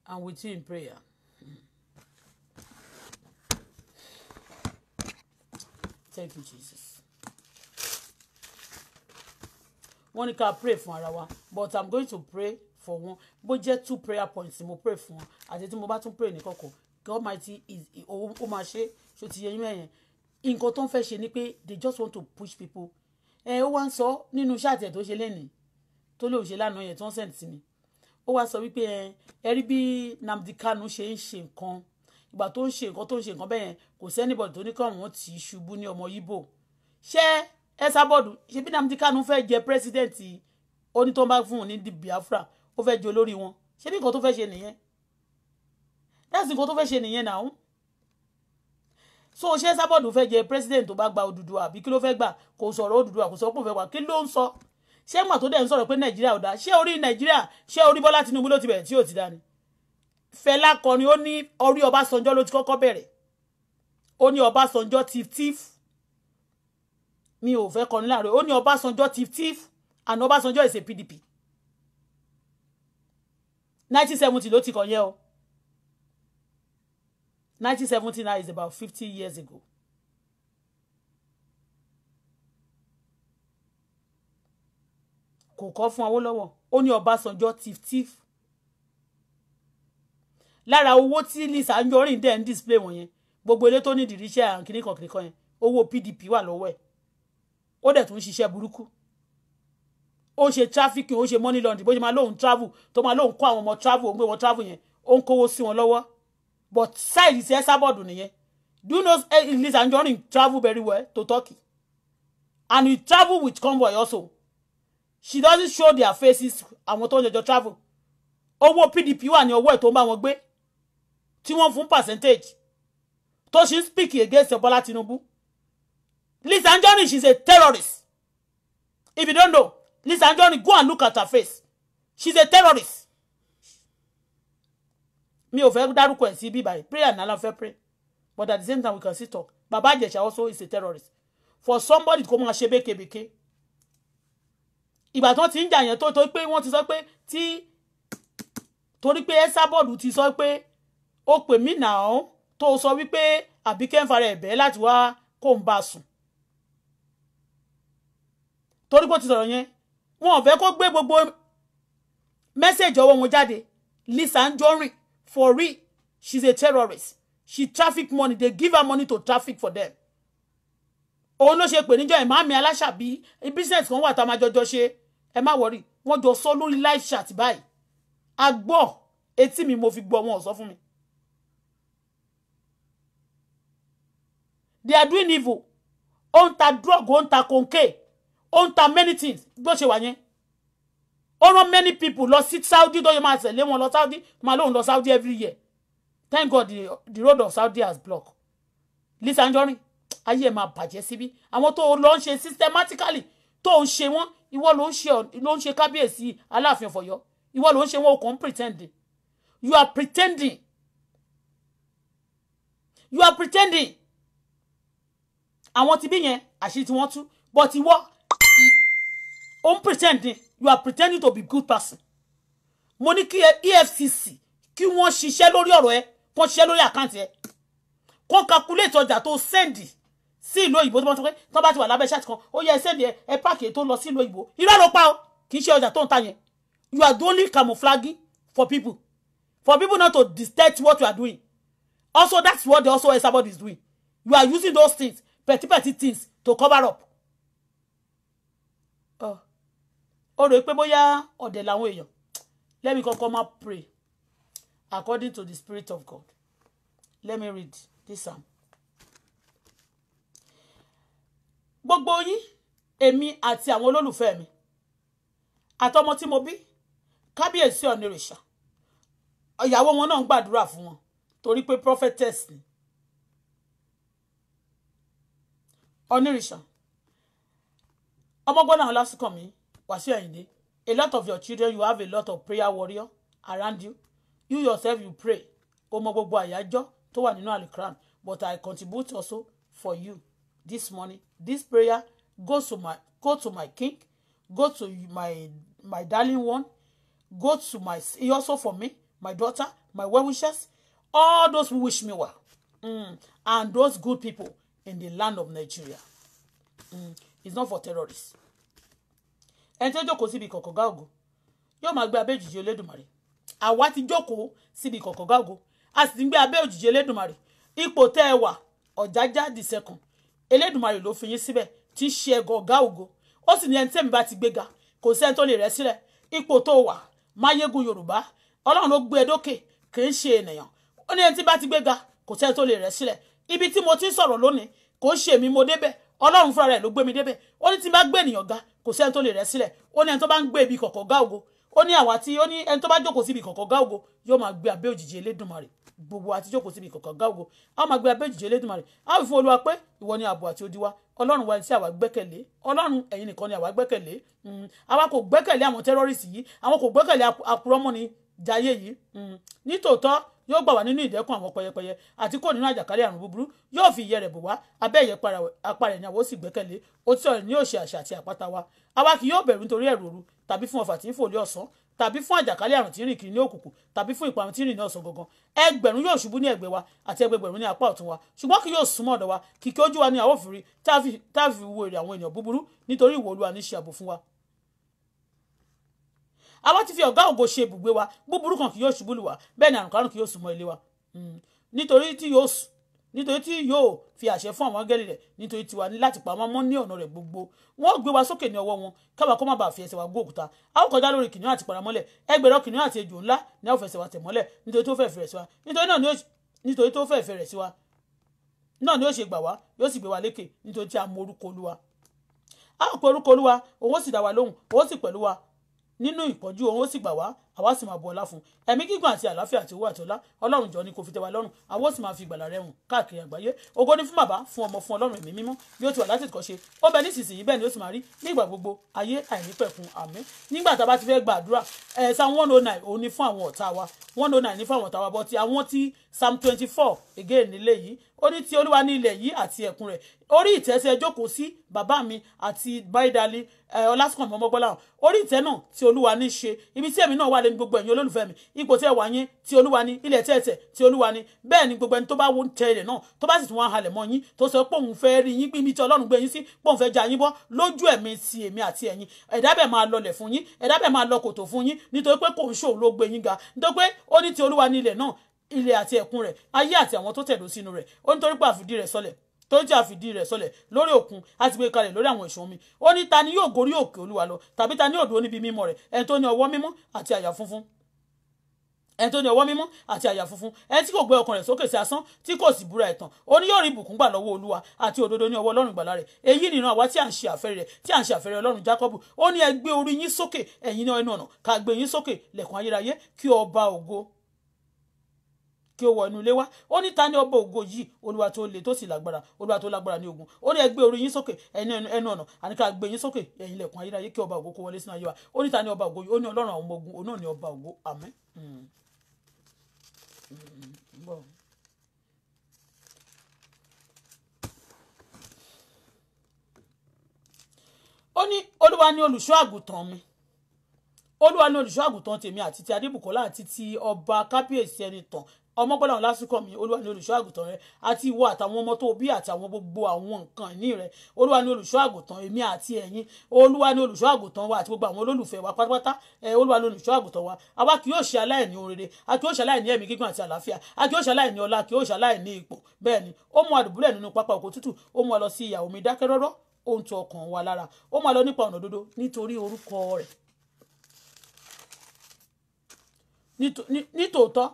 and with you in prayer. Thank you, Jesus. wọ́n ní ká pray fún ara wa but I'm going to pray for wọn bó jẹ́ two prayer points mo pray fún wọn àti tí mo bá tún pray níkọ̀kọ̀ God mighty is ó máa ṣe ṣó ti yẹ yín mẹ́yẹn nǹkan tó ń fẹ́ ṣe ni pé they just want to push people ẹ ó wá ń sọ nínú iṣẹ́ àtẹ̀ tó ṣe lẹ́nìí tó lóun ṣe lánàá yẹn tó ń send sí mi ó wá sọ wípé ẹ ẹ rí bí Nnamdi Kanu ṣe ń ṣe nǹkan ìgbà tó ń ṣe nǹkan tó ń ṣe nǹkan bẹ́ẹ̀ yẹn kò sẹ́nìbọ̀dì tó ní kàn wọ́n ti ṣubú ní ọmọ Yíbò ṣé ẹ sábọ̀dù ṣe bí Nnamdi Kanu fẹ́ jẹ pírẹ́sídẹ̀ǹtì onítọ́nbá fún un ní Biafra ó fẹ́ jẹ olórí wọn ṣé bí nǹkan tó fẹ́ ṣe nìyẹn that's nǹkan tó fẹ́ ṣe nìyẹn náà so ṣé sábọ̀dù fẹ́ jẹ president tó bá gba Odùduwà àbí kí ló fẹ́ gbà kò sọ̀rọ̀ Odùduwà kò sọ pé òun fẹ́ wà kí ló ń sọ ṣé mà tó dẹ̀ ń sọ̀rọ̀ pé Nàìjíríà ò dá ṣé orí Nàìjíríà ṣé orí Bọ́lá Tinubu ló ti bẹ̀rẹ̀ tí ò ti dá Fẹlá kọrin ó ní orí Ọbásanjọ́ ló ti kọ́kọ́ bẹ̀rẹ̀ ó ní Ọbásanjọ́ tif tif mi ò fẹ́ kọrin láàárọ̀ ó ní Ọbásanjọ́ tif tif and Ọbásanjọ́ is a PDP nineteen seventy ló ti kọ yẹn o nineteen seventy now is about fifty years ago. kò kọ́ fún Awólọ́wọ̀ ó ní Ọbásanjọ́ tiftif lára owó tí Lizzy Anjorin dẹ̀ ń display wọ̀nyẹn gbogbo ilé tó ní ìdíríṣẹ́ àǹkìníkànkìníkan yẹn owó PDP wà lọ́wọ́ ẹ̀ ó dẹ̀ tún ń ṣiṣẹ́ burúkú ó ṣe trafficking ó ṣe money laundering bó ṣe máa lóun travel tó máa lóun kó àwọn ọmọ travel òun gbé wọn travel yẹn ó ń kówó sí wọn lọ́wọ́ but side ti Esabod nìyẹn do you know eh, Lizzy Anjorin travel very well to Turkey and we travel with convoy also she doesn't show their faces àwọn tó ń jọjọ travel owó PDP wà ní ọwọ́ ẹ̀ tó ń bá wọn gbé tí wọ́n fún percentage tó ṣe ń speak against Bọ́lá Tinubu Lizzy Anjorin she is a terrorist if you don't know Lisa Anjorin, go and look at her face. She's a terrorist. Me ò fẹ́ dárúkọ ẹ̀ sí bí báyìí. Prayer and Allah fẹ́ pray. But at the same time, we can still talk. Baba Ijesha also is a terrorist. For somebody to come and ṣe békebèke. if I don't ti ń jà yẹn tó tó pé wọ́n ti sọ pé tí torí pé Esabod ti sọ pé ó pè mí náà tó sọ wípé Àbíkẹ́ ń fara ẹ̀bẹ̀ láti wá kó ko bá sùn. Torí pé ti sọ̀rọ̀ yẹn wọn ò fẹ́ kó gbé gbogbo mẹ́sẹ̀jì ọwọ́ wọn jáde Lisa Anjorin for real she's a terrorist she traffic money they give her money to traffic for them òun ló ṣe pè níjọ ìmáàmì aláṣàbí business kan wà tá a máa jọjọ ṣe ẹ má wọrí wọn jọ sọ lórí live chat báyìí a gbọ́ etí mi mo fi gbọ́ wọn ò sọ fún mi. they are doing evil ó ń ta drug ó ń ta kòńké ó ta many things bó ṣe wà yẹn ó rán many people lọ sí Saudi tó yẹ máa tẹ̀lé wọn lọ Saudi máa lóun lọ Saudi every year thank God the, the road of Saudi has blocked Lizzy Anjorin ayé ẹ̀ máa bàjẹ́ síbí àwọn tó lọ ń ṣe systematically tó ń ṣe wọ́n ìwọ ló ń ṣe ló ń ṣe kábíyèsí aláàfin ọ̀fọ̀yọ́ ìwọ ló ń ṣe wọn o kàn ń pretending you are pretending you are pretending àwọn ti bí yẹn àṣírí tí wọ́n tú but ìwọ ó ń pretending you are pretending to be good person mo ní kí EFCC kí wọ́n ṣiṣẹ́ lórí ọ̀rọ̀ ẹ kọ́n ṣiṣẹ́ lórí àkáǹtì ẹ kọ́n calculate ọjà tó sẹ́ndì sí ìlú òyìnbó tó bá sọ pé tó bá ti wà lábẹ́ ṣáàtì kan ó yẹ sẹ́ndì ẹ ẹ páàkì tó lọ sí ìlú òyìnbó irọ́ ló pa o kì í ṣe ọjà tó ń ta yẹn you are only camouflaging for people for people not to detect what you are doing also that's what the also everybody is doing you are using those things petty petty things to cover up. Oh ó rò pé bóyá ọ̀dẹ̀ làwọn èèyàn let me kọ́kọ́ máa pray according to the spirit of God let me read this psalm. gbogbo yín èmi àti àwọn olólùfẹ́ mi àtọmọ tí mo bí kábíyèsí ọ̀nìrìṣà ìyàwó wọn náà ń gbàdúrà fún wọn torí pé prophetess ni ọ̀nìrìṣà ọmọgbọ́n náà lásìkò mi Wasiu Ayinde, a lot of your children, you have a lot of prayer warrior around you. You yourself, you pray. Ó mọ gbogbo àyájọ́ tó wà nínú al but I contribute also for you this morning. This prayer goes to my go to my king, go to my my darling one, go to my also for me, my daughter, my well wishers, all those who wish me well, mm. and those good people in the land of Nigeria. Mm. It's not for terrorists ẹni tó jókòó síbi ìkọ̀kọ̀ ọ̀gá ògo yóò máa gbé abẹ́ òjìji Olódùmarè àwa ti jókòó síbi ìkọ̀kọ̀ ògo a sì ti ń gbé abẹ́ òjìji Olódùmarè ipò tẹ́ ẹ wà ọ̀jájá the second Elédùmarè ló fi yín síbẹ̀ tí í ṣe ẹ̀gọ́ ọ̀gá ògo ó sì ní ẹni tẹ́mi bá ti gbéga kò sẹ́ni tó lè rẹ́ sílẹ̀ ipò tó wà máyégun Yorùbá Ọlọ́run ló gbé ẹ e dókè kì í ṣe ènìyàn ó ní ẹni tí bá ti gbéga kò sẹ́ni tó lè rẹ́ sílẹ̀ ibi tí mo ti ń sọ̀rọ̀ lónìí kò ń ṣe èmi mo débẹ̀ Ọlọ́run fúnra rẹ̀ ló gbé mi débẹ̀ ó ní tí n bá gbé ènìyàn ga kò sí ẹni tó lè rẹ̀ sílẹ̀ ó ní ẹni tó bá ń gbé ibi kọ̀kọ̀ gá ògo ó ní àwa tí ó ní ẹni tó bá jókòó síbi kọ̀kọ̀ gá ògo yóò máa gbé abẹ́ òjìji elédùnmarè gbogbo àti jókòó síbi kọ̀kọ̀ gá ògo a máa gbé abẹ́ òjìji elédùnmarè a fi fún olúwa pé ìwọ ni ààbò àti odi wa ọlọ́run tí àwa gbẹ́kẹ̀lé ọlọ́run ẹ̀yin nìkan ni àwa gbẹ́kẹ̀lé hmm. àwa kò gbẹ́kẹ̀lé àwọn tẹ́rọ́rìsì yìí àwọn kò gbẹ́kẹ̀lé àpùrọ́mọ́ni jayé yìí hmm. nítòótọ́ yóò gbà wá nínú ìdẹ́kùn àwọn pẹyẹpẹyẹ àti kò nínú àjàkálẹ̀ àrùn búburú yóò fi ìyẹ́ rẹ̀ bò wá abẹ́ ìyẹ́ apá rẹ̀ ni àwọn ó sì gbẹ́kẹ̀lé òtítọ́ rẹ̀ ni yóò ṣe àṣà àti àpáta wa àwa kì yóò bẹ̀rù nítorí ẹ̀rù òru tàbí fún ọfà tí ń fò lé ọ̀sán tàbí fún àjàkálẹ̀ àrùn tí ń rìn kiri ní òkùnkùn tàbí fún ìparun tí ń rìn ní ọ̀sán gangan ẹgbẹ̀rún yóò ṣubú ní ẹ̀gbẹ́ wa àti ẹgbẹ̀gbẹ̀rún ní apá ọ̀tún wa ṣùgbọ́n kì yóò súnmọ́ ọ̀dọ̀ wa kìkì ojú wa ní àwòfìrí tá a fi wo èrè àwọn ènìyàn búburú nítorí ìwọ Olúwa ní ṣe ààbò fún wa àwa ti fi ọ̀gá ògo ṣe ibùgbé wa búburú kan kì yóò ṣubú lù wá bẹ́ẹ̀ ni àrùnkárùn kì yóò sún mọ́ ilé wa hmm. nítorí tí yóò sùn nítorí tí yóò fi àṣẹ fún àwọn áńgẹ́lì rẹ̀ nítorí tiwa ní láti pamọ́ mọ́ ní ọ̀nà rẹ̀ gbogbo wọ́n gbé wa sókè ní ọwọ́ wọn káwa kó má bàa fi ẹsẹ̀ wa gbó òkúta a ó kọjá lórí kìnìún àti paramọ́lẹ̀ ẹgbẹ̀rún kìnìún àti ejò ńlá ni a ó fẹsẹ̀ wa tẹ̀ mọ́lẹ̀ nítorí tó fẹ́ fẹ̀rẹ̀ sí wa nítorí náà nítorí tó fẹ́ fẹ̀rẹ̀ sí wa náà ni ó ṣe gbà wá yóò sì gbé wa lékè nítorí tí a mọ orúkọ olúwa a ó pe orúkọ olúwa òun ó sì dá wa lóhùn òun ó sì pẹ̀lú wa nínú ìpọ́njú òun ó sì gbà wá àwa sì máa bu ọlá fún un ẹ̀mí gígùn àti àlàáfíà àti owó àti ọlá ọlọ́run jọ ni kò fi tẹ́ wa lọ́rùn àwa ó sì máa fi ìgbàlà rẹ̀ hùn káàkiri àgbáyé ògo ni fún bàbá fún ọmọ fún ọlọ́run ẹ̀mí mímọ́ bí ó ti wà láti kọ́ ṣe ó bẹ nísinsìnyí bẹ́ẹ̀ ni ó sì máa rí nígbà gbogbo ayé àìnípẹ̀kun àmín nígbà tá a bá ti fẹ́ gbàdúrà ẹ̀ eh, one oh nine òun ni fún àwọn one oh nine ni fún àwọn ọ̀tá wa bọ́tí àwọn ti twenty four again nílé ó ní ti olúwa ní ilẹ̀ yìí àti ẹ̀kún rẹ̀ orí ìtẹ́ tí ẹ jókòó sí bàbá mi àti báyìdálí ọlásùnkàn mọ́mọ́gbọ́lá orí ìtẹ́ náà tí olúwa ní ṣe ibi tí èmi náà wà lẹ́nu gbogbo ẹ̀yin olólùfẹ́ mi ipò tí ẹ wà yín tí olúwa ní ilẹ̀ tí ẹ tẹ̀ tí olúwa ní bẹ́ẹ̀ ni gbogbo ẹni tó bá wo ń tẹ ilẹ̀ náà tó bá sì tún wọn halẹ̀ mọ́ yín tó sọ pé òun fẹ́ rí yín pé ibi tí ọlọ́run gbé yín sí pé òun fẹ́ ja yín bọ́ lójú ẹ̀mí ti èmi àti ẹ̀yin ẹ̀dá bẹ̀ máa lọlẹ̀ fún yín ẹ̀dá bẹ̀ máa lọ kòtò fún yín nítorí pé kò ń ṣòun gbé yín ga nítorí pé ó ní ti olúwa ní ilẹ̀ náà ilẹ̀ àti ẹ̀kún rẹ̀ ayé àti àwọn tó tẹ̀dó sínú rẹ̀ ó ń torí pé àfìdí rẹ̀ sọlẹ̀ tó jẹ́ àfìdí rẹ̀ sọlẹ̀ lórí òkun àti gbé kalẹ̀ lórí àwọn ìṣàn omi ó ní ta ni yóò gorí òkè olúwa lọ tàbí ta ni yóò dúró níbi mímọ́ rẹ̀ ẹni tó ní ọwọ́ mímọ́ àti àyà funfun ẹni tó ní ọwọ́ mímọ́ àti àyà funfun ẹni tí kò gbé ọkàn rẹ̀ sókè sí asán tí kò sì búra ẹ̀tàn ó ní yóò rí ìbùkún gbà lọ́wọ́ olúwa àti òdodo ní ọwọ́ ọlọ́run ìgbàlà rẹ̀ èyí nìran àwa tí à ń ṣe àfẹ́rẹ́ rẹ̀ tí à ń ṣe àfẹ́rẹ́ ọlọ́run jákọ́bù ó ní ẹ orí yín sókè ẹ̀yin náà ẹnu ọ̀nà ká gbé yín sókè lẹ̀kùn ayérayé kí ọba ògo kí ó wọ inú ilé wá ó ní ta ni ọba ògo yìí olúwa tó le tó sì lágbára olúwa tó lágbára ní ogun ó ní ẹ gbé orí yín sókè ẹni ẹnu ọ̀nà àní ká gbé yín sókè ẹ̀yin ilẹ̀kùn ayérayé kí ọba ògo kó wọlé sínú ayé wa ó ní ta ni ọba ògo yìí ó ní ọlọ́run àwọn ọmọ ogun òun náà ni ọba ògo àmín. Hmm. Hmm, hmm, ó ní olúwa ni olùṣọ́ àgùntàn mi olúwa ni olùṣọ́ àgùntàn tèmi àti ti adébùkọ́lá àti ti ọba kábíyèsí ẹni tàn ọmọgbọ́lá lásìkò mi olúwa ni olùṣọ́ àgùntàn rẹ àti ìwọ àtàwọn ọmọ tó bí àtàwọn gbogbo àwọn nǹkan ìní rẹ olúwa ni olùṣọ́ àgùntàn èmi àti ẹ̀yin olúwa ni olùṣọ́ àgùntàn wa àti gbogbo àwọn olólùfẹ́ wa pátápátá ẹ olúwa ni olùṣọ́ àgùntàn wa àwa kì yóò ṣe aláìní orere a kì yóò ṣe aláìní ẹ̀mí gígùn àti àlàáfíà a kì yóò ṣe aláìní ọlá kì yóò ṣe aláìní ipò bẹ́ẹ̀ ni nítòótọ́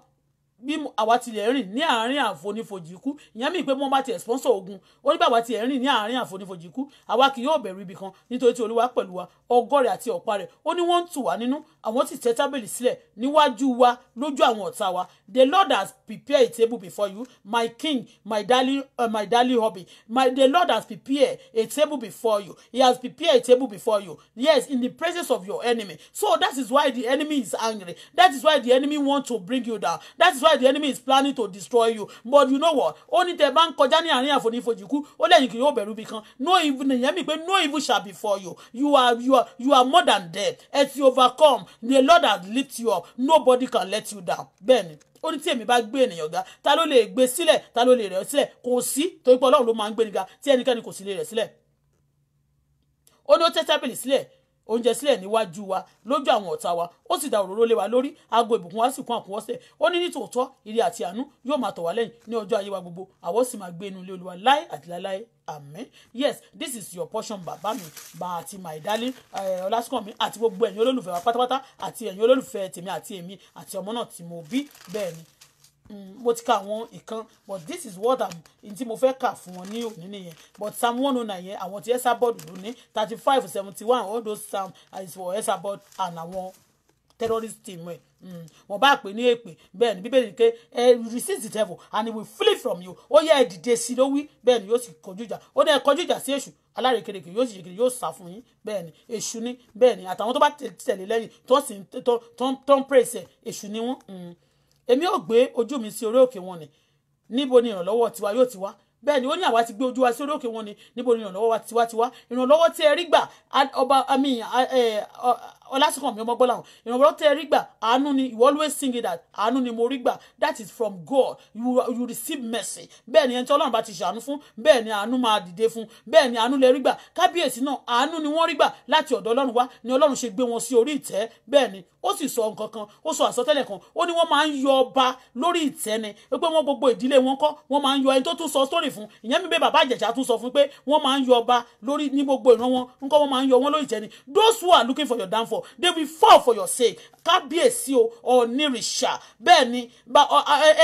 bí àwa tilẹ̀ rìn ní àárín àfonífojì ikú ìyẹn mi pé mo bá tiẹ̀ sponsor ogun ó ní bá àwa tiẹ̀ rìn ní àárín àfonífojì ikú àwa kì yóò bẹ̀rù ibì kan nítorí tí olúwa pẹ̀lú wa ọgọ́rẹ̀ àti ọ̀pá rẹ̀ ó ní wọ́n ń tù wá nínú àwọn ti tẹ́ tábìlì sílẹ̀ níwájú wa lójú àwọn ọ̀tá wa the lord has prepared a table before you my king my darling uh, my darling hobby my the lord has prepared a table before you he has prepared a table before you yes in the presence of your enemy so that is why the enemy is angry that is why the enemy want to bring you down that is why why the enemy is planning to destroy you but you know what ó ní tẹ kọjá ní àárín àfonífojìkú ó lẹ́yìn kì yóò bẹ̀rù bí kan no evil nìyẹn mi pé no evil shall before you you are you are you are more than dead as you overcome the Lord has lift you up nobody can let you down bẹ́ẹ̀ ni ó ní tí èmi bá gbé ènìyàn ga ta ló lè gbé sílẹ̀ ta ló lè rẹ̀ sílẹ̀ kò sí torí pé Ọlọ́run ló máa ń gbé ni ga tí ẹnikẹ́ni kò sì lè rẹ̀ sílẹ̀ ó ní ó tẹ́ tábìlì sílẹ̀ oúnjẹ sílẹ̀ níwájú wa lójú àwọn ọ̀tá wa ó sì da òróró lé wa lórí aago ìbùkún wa sì kún àkúnwọ́sẹ̀ ó ní nítòótọ́ ire àti àánú yóò máa tọ̀ wá lẹ́yìn ní ọjọ́ ayé wa gbogbo àwọn sì máa gbé inú ilé olúwa láé àti láéláé amen yes this is your portion bàbá mi bá àti my darling ọlásùnkànmí àti gbogbo ẹ̀yin olólùfẹ́ wa pátápátá àti ẹ̀yin olólùfẹ́ tèmi àti èmi àti ọmọ náà tí mo bí bẹ́ẹ̀ ni Mm. mo ti ka àwọn ìkan but this is what i'm tí mo fẹ́ kà fún wọn ní òní nìyẹn but psalm one oh nine yẹn àwọn ti Esabod ló ní thirty five seventy one all those psalm is for Esabod and àwọn terrorist team ẹ̀ mm. wọ́n bá pè ní èpè bẹ́ẹ̀ ni bíbélì ké ẹ resist the devil and he will flee from you ó yẹ ẹ dìde sí ló wí bẹ́ẹ̀ ni yóò sì kọjú ìjà ó dẹ̀ kọjú ìjà sí èṣù alárekereke yóò sì yegere yóò sá fún yín bẹ́ẹ̀ ni èṣù ni bẹ́ẹ̀ ni àtàwọn tó bá tẹ̀lé lẹ́yìn tó ń praise ẹ̀ èṣù ni wọ́n. Mm èmi ò gbé ojú mi sí orí òkè wọn ni níbo ni ìrànlọ́wọ́ tiwa yóò ti wá bẹ́ẹ̀ ni ó ní àwa ti gbé ojú wa sí orí òkè wọn ni níbo ni ìrànlọ́wọ́ wa tiwa tiwa ìrànlọ́wọ́ tí ẹ rí gbà ọba àmì ọlásùnkànmí ọmọgbọ́láhùn ìrànwọ́ tẹ rí gbà àánú ni you always sing it that àánú ni mo rí gbà that is from God you, you receive mercy bẹ́ẹ̀ ni ẹni tí ọlọ́run bá ti ṣàánú fún bẹ́ẹ̀ ni àánú máa dìde fún bẹ́ẹ̀ ni àánú lè rí gbà kábíyèsí náà àánú ni wọ́n rí gbà láti ọ̀dọ̀ ọlọ́run wá ni ọlọ́run ṣe gbé wọn sí orí ìtẹ́ bẹ́ẹ̀ ni ó sì sọ nǹkan kan ó sọ àsọtẹ́lẹ̀ kan ó ní wọ́n máa ń yọ ọba lórí ìtẹ́ ni pé wọ́n gbogbo ìdílé wọn kọ́ wọ́n máa ń yọ ẹni tó tún sọ sórí fún ìyẹn mi bẹ́ẹ̀ bàbá àjẹ̀jà tún sọ fún pé wọ́n máa ń yọ ọba lórí ní gbogbo ìran wọn nǹkan wọ́n máa ń yọ wọn lórí ìtẹ́ ni those who are looking for your downfall they will fall for your sake kábíyèsí o onírìṣà bẹ́ẹ̀ ni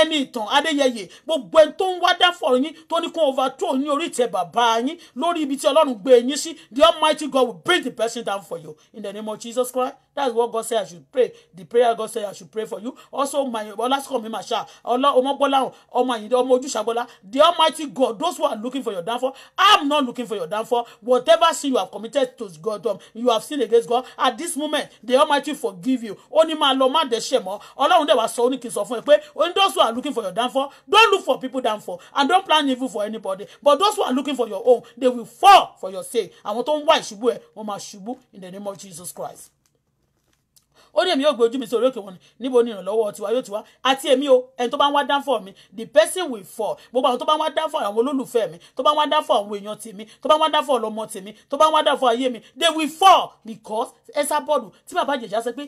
ẹni ìtàn adéyẹyẹ gbogbo ẹni tó ń wá dáfọ̀ yín tó ní kó overthrow ní orí ìtẹ́ bàbá yín lórí ibi tí ọlọ́run gbé yín sí the almighty God will bring the person down for you in the name of Jesus Christ that is what God say I should pray the prayer God say I should pray for you also my ọlásùkọ̀mí màṣá ọmọgbọ́láhùn ọmọ àyìndé ọmọ ojúṣàgbọ́lá the almighty God those who are looking for your downfall I am not looking for your downfall whatever sin you have committed to God um, you have sinned against God at this moment moment the almighty forgive you ó ní máa lọ má dẹ́ṣẹ̀ mọ́ ọlọ́run dẹ̀ wá sọ ó sọ fún ẹ pé when those who are looking for your downfall don't look for people downfall and don't plan evil for anybody but those who are looking for your own they will fall for your sake àwọn tó ń wá ìṣubú ẹ wọ́n máa ṣubú in the name of Jesus Christ ó ní èmi yóò gbé ojú mi sí orí òkè wọn níbo ni ìrànlọ́wọ́ tiwa yóò ti wá àti èmi o ẹni tó bá ń wá dán mi the person will fall gbogbo àwọn tó bá ń wá dán fún àwọn olólùfẹ́ mi tó bá ń wá dán fún àwọn èèyàn tèmi tó bá ń wá dán fún ọlọ́mọ tèmi tó bá ń wá dán ayé mi they will fall because ẹsà bọ́ọ̀lù tí bàbá jẹ̀já sọ pé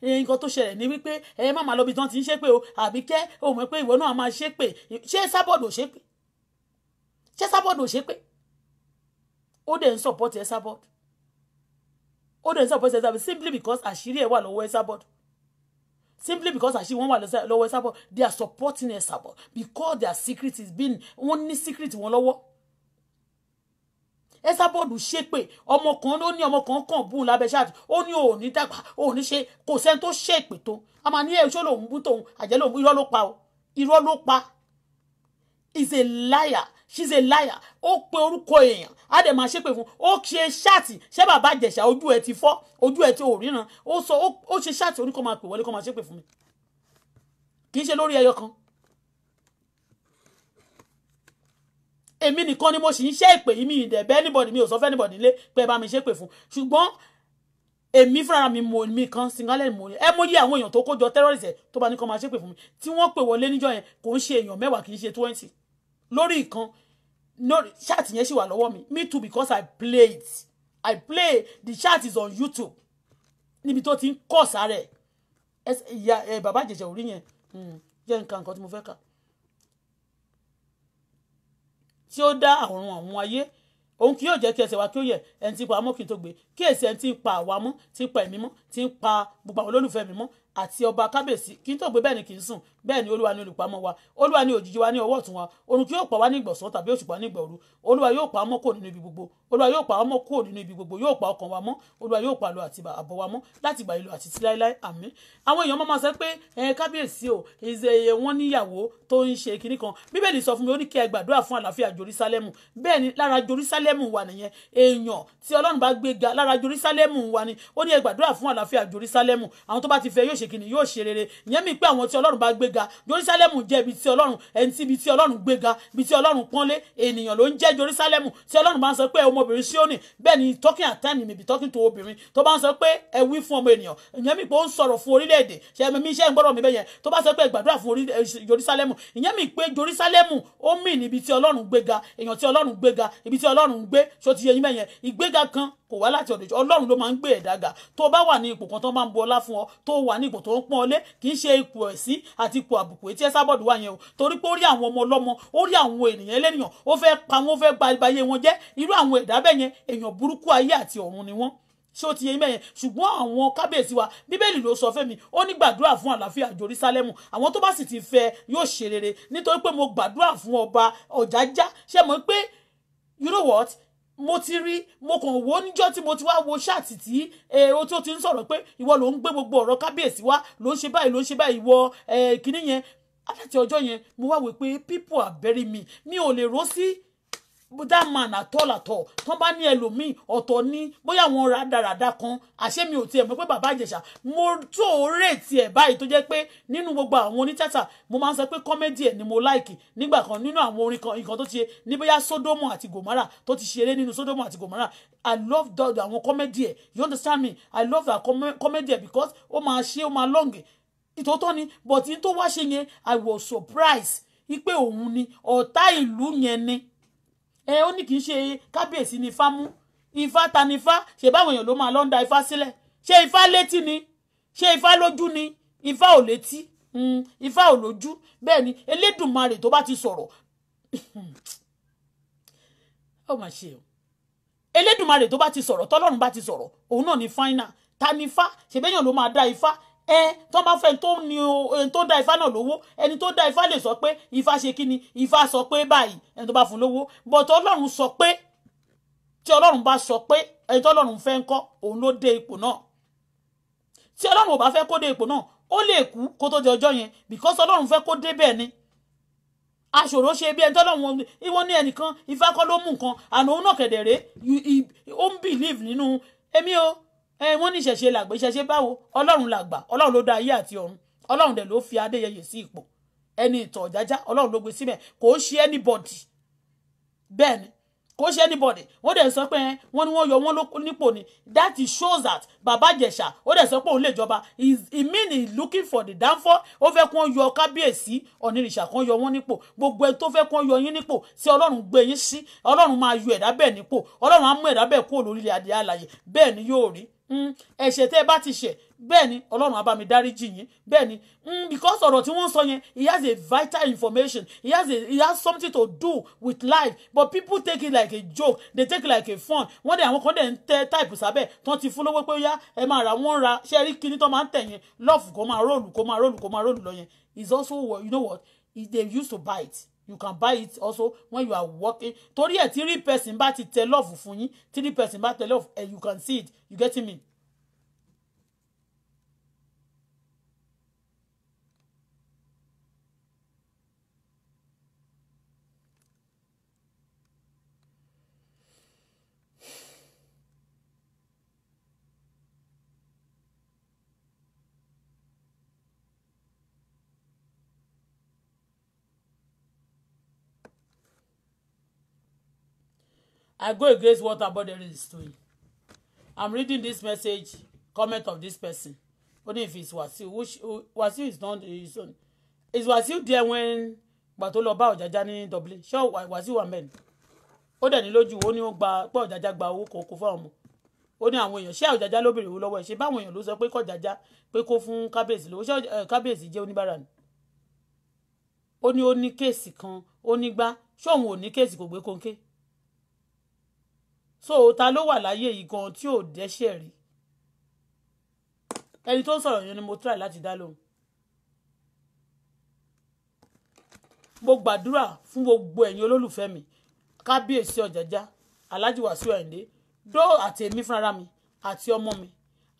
nǹkan tó ṣẹlẹ̀ ni wípé ẹ má máa lọ bí tán ti ń ṣépè o àbíkẹ́ òun mọ̀ pé ìwọ náà máa ṣépè ṣé ẹsà bọ́ọ̀lù ò ṣépè ṣé ẹsà bọ́ọ̀lù ò support ó dẹ̀ support Esabod simply because àṣírí ẹ̀ wà lọ́wọ́ Esabod simply because àṣírí wọn wà lọ́wọ́ Esabod they are supporting Esabod because their secret is being wọ́n ní secret wọn lọ́wọ́ Esabod ṣépè ọmọ kan ló ní ọmọ kan kàn bú lábẹ́ ṣáàtì ó ní òní dàgbà òní ṣe kò sẹ́ni tó ṣépè tó a máa ní ẹ̀ṣọ́ lòún bú tòun àjẹ́ lòún irọ́ ló pa o irọ́ ló pa is a liar she's a liar ó pe orúkọ èèyàn á dẹ̀ máa ṣépè fún ó ṣe ṣáàtì ṣé bàbá àjẹsà ojú ẹ ti fọ́ ojú ẹ ti ò ríran ó sọ ó ṣe ṣáàtì oníkọ́ máa pè wọlé kọ́ máa ṣépè fún mi kì í ṣe lórí ẹyọ kan èmi nìkan ni mo sì ń ṣe ìpè yìí mi ìdẹ̀ bẹ́ẹ̀ anybody mi ò sọ fẹ́ anybody nílé pé bá mi ṣépè fún ṣùgbọ́n èmi fúnra mi mo mi kan singale mo ẹ mo yí àwọn èèyàn tó kójọ terrorist ẹ tó bá ní kan máa ṣépè fún mi tí wọ́n pè wọlé níjọ́ yẹn kò ń ṣe èèyàn mẹ́wàá kì í ṣe twenty lórí ìkan no chat yẹn ṣì wà lọ́wọ́ mi me too because i play it i play the chat is on youtube níbi tó ti ń kọ́ sáré ìyá ẹ bàbá jẹjẹ orí yẹn hmm, jẹ́ nǹkan nǹkan tí mo fẹ́ kà tí ó dá àrùn àwọn ayé òun kì yóò jẹ́ kí ẹsẹ̀ wa kí ó yẹ ẹni tí ń pa àmọ́ kí n tó gbé kí èsì ẹni tí ń pa àwa mọ́ tí ń pa ẹ̀mí mọ́ tí ń pa gbogbo àwọn olólùfẹ́ mi mọ́ àti ọba kábíyèsí kí n tó gbé bẹ́ẹ̀ ni kì í sùn bẹ́ẹ̀ ni olúwa ni olùpamọ́ wa olúwa ni òjìji wa ní ọwọ́ ọ̀tún wa oòrùn kì yóò pa wá ní ìgbọ̀sán tàbí òṣùpá ní ìgbọ̀ru olúwa yóò pa ọmọ kúrò nínú ibi gbogbo olúwa yóò pa ọmọ kúrò nínú ibi gbogbo yóò pa ọkàn wa mọ́ olúwa yóò pa lọ àti àbọ̀ wa mọ́ láti gbà ìlú àti ti láéláé àmín àwọn èèyàn máa sọ pé ẹ kábíyèsí o ìṣe wọn níyàwó tó ń ṣe kinní kan bíbélì sọ fún mi ó ní kí ẹ gbàdúrà fún àlàáfíà jerusalem bẹ́ẹ̀ ni lára jerusalem wà nìyẹn gbéga jerusalem jẹ́ ibi tí ọlọ́run ẹni tí ibi tí ọlọ́run gbéga ibi tí ọlọ́run pọ́nlé ènìyàn ló ń jẹ́ jerusalem tí ọlọ́run bá ń sọ pé ọmọbìnrin Síónì bẹ́ẹ̀ ni talking at time mi be talking to obìnrin tó bá ń sọ pé ẹ wí fún ọmọ ènìyàn ìyẹn mi pé ó ń sọ̀rọ̀ fún orílẹ̀-èdè ṣe mi iṣẹ́ ń gbọ́dọ̀ mi bẹ́yẹn tó bá sọ pé gbàdúrà fún eh, jerusalem ìyẹn mi pé jerusalem ó mì níbi tí ọlọ́run gbéga èèyàn tí ọlọ́run gbéga ibi tí ọlọ́run gbé ṣó ti yẹ yín bẹ́yẹn ìgbéga kò wá láti ọ̀dọ̀ ọlọ́run ló máa ń gbé ẹ̀dá tó bá wà ní ipò kan tó máa ń bu ọlá fún ọ tó wà ní ipò tó ń pọ́n ọ kì í ṣe ipò ẹ̀sín àti ipò àbùkù etí Esabod wà yẹn o torí pé ó rí àwọn ọmọ ọlọ́mọ ó rí àwọn ènìyàn ẹlẹ́nìyàn ó fẹ́ pa wọn fẹ́ ba ìbáyé wọn jẹ́ irú àwọn ẹ̀dá bẹ́ẹ̀ yẹn èèyàn burúkú ayé àti ọ̀run ni wọ́n ṣé ó ti yẹ mẹ́yẹn ṣùgbọ́n àwọn kábíyèsí wa bíbélì ló sọ fẹ́mi ó ní gbàdúrà fún àlàáfíà Jerúsálẹ́mù àwọn tó bá sì ti fẹ́ yóò ṣe rere nítorí pé mo gbàdúrà fún ọba ọ̀jájá ṣé mo pé you know what mo ti rí mo kàn wò níjọ́ tí mo ti wá wo ṣáàtì tí o tó ti ń sọ̀rọ̀ pé ìwọ ló ń gbé gbogbo ọ̀rọ̀ kábíyèsí wá ló ń ṣe báyìí ló ń ṣe báyìí ìwọ kínní yẹn láti ọjọ́ yẹn mo wá wò pé people are bury me mi ò lè rò sí that man at all at all tán bá ní ẹlòmíì ọ̀tọ̀ Boya won ra rádaràda kan àṣé mi ò tiẹ̀ mọ̀ pé bàbá ìjẹ̀ṣà mo tó rè tiẹ̀ báyìí tó jẹ́ pé nínú gbogbo àwọn onítìátà mo máa ń sọ pé kọ́mẹ́dì ẹ̀ ni mo láìkì nígbà kan nínú àwọn orin kan nǹkan tó ti ṣe ní bóyá Sódómù àti Gòmárà tó ti ṣeré nínú Sódómù ati Gòmárà I love the àwọn kọ́mẹ́dì ẹ̀ you understand me I love that comedy ẹ̀ because o ma ṣe o ma lọ́ǹgì ìtòótọ́ ni but ní tó wá ṣe yẹn I was surprised wípé òun ni ọ̀tá ilu yẹn ni ẹ ó ní kì í ṣe kábíyèsí ni ifá mú ifá ta ni ifá ṣe báwọn èèyàn ló máa lọ ń da ifá sílẹ̀ ṣé ifá létí ni ṣé ifá lójú ni ifá ò létí hmm, ifá ò lójú bẹ́ẹ̀ ni elédùnmarè tó bá ti sọ̀rọ̀ ó mà ṣe o elédùnmarè tó bá ti sọ̀rọ̀ tọ́lọ́run bá ti sọ̀rọ̀ òun náà ni fáínà ta ni ifá ṣèbéyàn ló máa dá ifá ẹ tó bá fẹ́ tó ní ẹni tó dá ifá náà lówó ẹni tó dá ifá lè sọ pé ifá ṣe kí ni ifá sọ pé báyìí ẹni tó bá fún lówó bọ̀tọ̀ ọlọ́run sọ pé tí ọlọ́run bá sọ pé ẹni tó ọlọ́run fẹ́ ń kọ́ òun ló dé ipò náà tí ọlọ́run ò bá fẹ́ kó dé ipò náà ó lè kú kó tó di ọjọ́ yẹn because ọlọ́run fẹ́ kó dé bẹ́ẹ̀ ni aṣòro ṣe bí ẹni tọ́lọ́ wọn ìwọ́n ní ẹnìkan ifá kọ́ ló mú nǹkan àná òun náà kẹ̀dẹ̀ rèé ẹ wọ́n ní ìṣẹ̀ṣe làgbà ìṣẹ̀ṣe báwo ọlọ́run làgbà ọlọ́run ló dá ayé àti ọ̀run ọlọ́run dẹ̀ ló fi adéyẹyẹ sí ipò ẹni ìtọ̀ jájá ọlọ́run ló gbé síbẹ̀ kò ṣe anybody bẹ́ẹ̀ ni kò ṣe anybody wọ́n dẹ̀ sọ pé wọ́n ní wọ́n yọ wọ́n nípò ni that shows that bàbá jẹ̀ṣà ó dẹ̀ sọ pé òun lè jọba he mean he looking for the downfall ó fẹ́ kí wọ́n yọ kábíyèsí ọ̀nìrìṣà kan yọ wọ́n nípò gbogbo ẹni tó fẹ́ kí wọ́n yọ yín nípò sí ọlọ́run gbé yín sí ọlọ́run máa yọ ẹ̀dá bẹ́ẹ̀ nípò ọlọ́run á mú ẹ̀dá bẹ́ẹ̀ kúrò lórílẹ̀ adìyẹ àlàyé bẹ́ẹ̀ ni yóò rí Mm, ẹ̀ṣẹ̀ tẹ́ ẹ bá ti ṣẹ̀ bẹ́ẹ̀ ni ọlọ́run á bá mi dáríjì yín bẹ́ẹ̀ ni mm, because ọ̀rọ̀ tí wọ́n sọ yẹn he has a vital information he has a he has something to do with life but people take it like a joke they take it like a fun wọ́n dẹ̀ àwọn kan dẹ̀ ń tẹ táìpù sábẹ́ tán ti fún lówó pé yá ẹ máa ra wọ́n ra ṣe rí kinní tán máa ń tẹ̀ yẹn love kó máa róòlù kó máa róòlù kó máa róòlù lọ yẹn is also you know what they used to bite you can buy it also when you are working torí ẹ̀ tí three person bá ti tẹ love fún yín three person bá tẹ love and you can see it you getting me I go against what body is doing. I'm reading this message, comment of this person. Only if it's Wasiu, which uh, Wasiu is not his own. Is Wasiu there when Batoloba lọ bá Ọ̀jájá Dublin? Ṣé Wasiu wà mẹ́rin? Ó dẹ̀ ní you ó ní ó gba pé Ọ̀jájá gba owó kòkó fún ọmọ. Ó ní àwọn èèyàn, ṣé Ọ̀jájá ló béèrè owó lọ́wọ́ ẹ̀? Ṣé báwọn èèyàn ló sọ pé kọ̀jájá pé kó fún kábíyèsí lówó? Ṣé eh, kábíyèsí jẹ́ oníbàárà ni? Ó ní ó ní kéèsì kan, so ta ló wà láyé yìí gan tí ò dẹ́ṣẹ̀ rí ẹni tó ń sọ̀rọ̀ yẹn ni mo try láti dá lóhùn mo gbàdúrà fún gbogbo ẹ̀yin olólùfẹ́ mi kábíyèsí ọ̀jàjá alhaji wàsíù àyìndé dó àti èmi fúnra mi àti ọmọ mi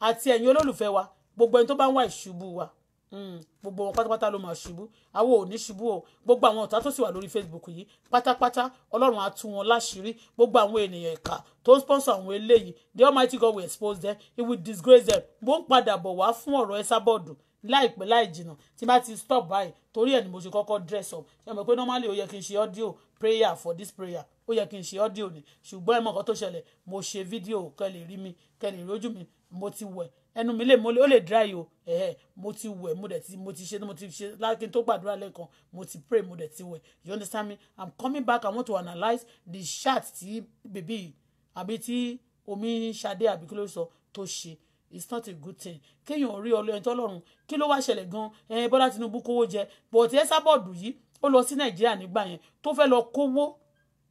àti ẹ̀yin olólùfẹ́ wa gbogbo ẹni tó bá ń wá ìṣubú wa Hmm. gbogbo wọn pátápátá ló máa ṣubú àwọn ò ní ṣubú o gbogbo àwọn ọ̀tá tó sì wà lórí Facebook yìí pátápátá ọlọ́run á tú wọn láṣìírí gbogbo àwọn ènìyàn ìka tó ń sponsor àwọn eléyìí the Almighty God will expose them he will disgrace them bó ń padà bọ̀ wá fún ọ̀rọ̀ ẹ sábọ̀dù láìpẹ́ láì jìnnà tí bá ti stop by, torí ẹ̀ ni mo ṣe kọ́kọ́ dress up ṣe mọ̀ pé normally ó yẹ kí n ṣe audio prayer for this prayer ó yẹ kí n ṣe audio ni ṣùgbọ́n ẹ mọ̀ nǹkan tó ṣẹlẹ̀ mo ṣe fídíò kẹ́ lè rí mi kẹ́ lè rójú mi mo ti wẹ̀ ẹnu mi lè mo ó lè dry o ẹ̀ẹ́ mo ti wẹ̀ mo dẹ̀ ti mo ti ṣe mo ti ṣe lákin tó gbàdúrà lẹ́ẹ̀kan mo ti pray mo dẹ̀ ti wẹ̀ you understand me i'm coming back i want to analyse the chart tí bèbí àbí tí omi ṣadé àbí kí ló sọ tó ṣe it's not a good thing kéèyàn rí ọlọ́yìn tọ́lọ́run kí ló wá ṣẹlẹ̀ gan ẹ bọ́lá tinubu kówó jẹ bọ̀tí ẹ sábọ̀dù yìí ó lọ sí nàìjíríà nígbà yẹn tó fẹ́ lọ kówó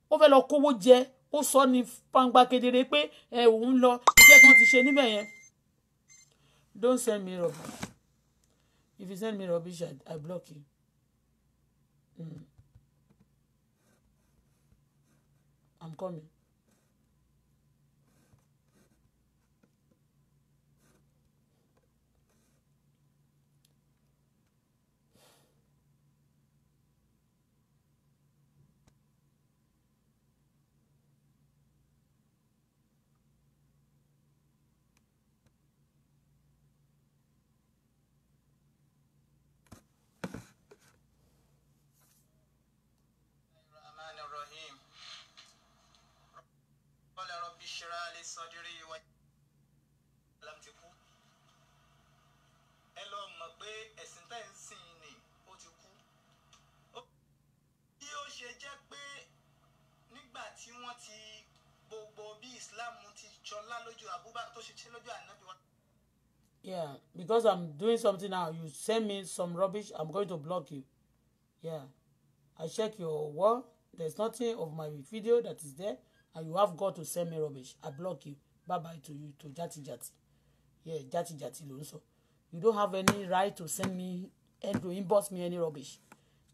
ó fẹ́ lọ kówó jẹ ó sọ ní pangba kedere pé ẹ òun lọ iṣẹ́ tí ti ṣe níbẹ̀ yẹn don't send me rubbish if you send me rubbish I, I block you. Mm. I'm coming. adéré wa lam ti kú ẹ lọ mọ̀ pé ẹ̀sìn tẹ́ ń sìn ni ó ti kú bí ó ṣe jẹ́ pé nígbà tí wọ́n ti gbogbo bí Islam ti ṣọlá lójú Abubakar tó ṣe ṣe lójú ànábì wa. Yeah, because I'm doing something now. You send me some rubbish, I'm going to block you. Yeah. I check your wall. There's nothing of my video that is there and you have got to send me rubbish i block you bye bye to you to Jati Jati, yeah Jati Jati ń sọ you don't have any right to send me and eh, to inbox me any rubbish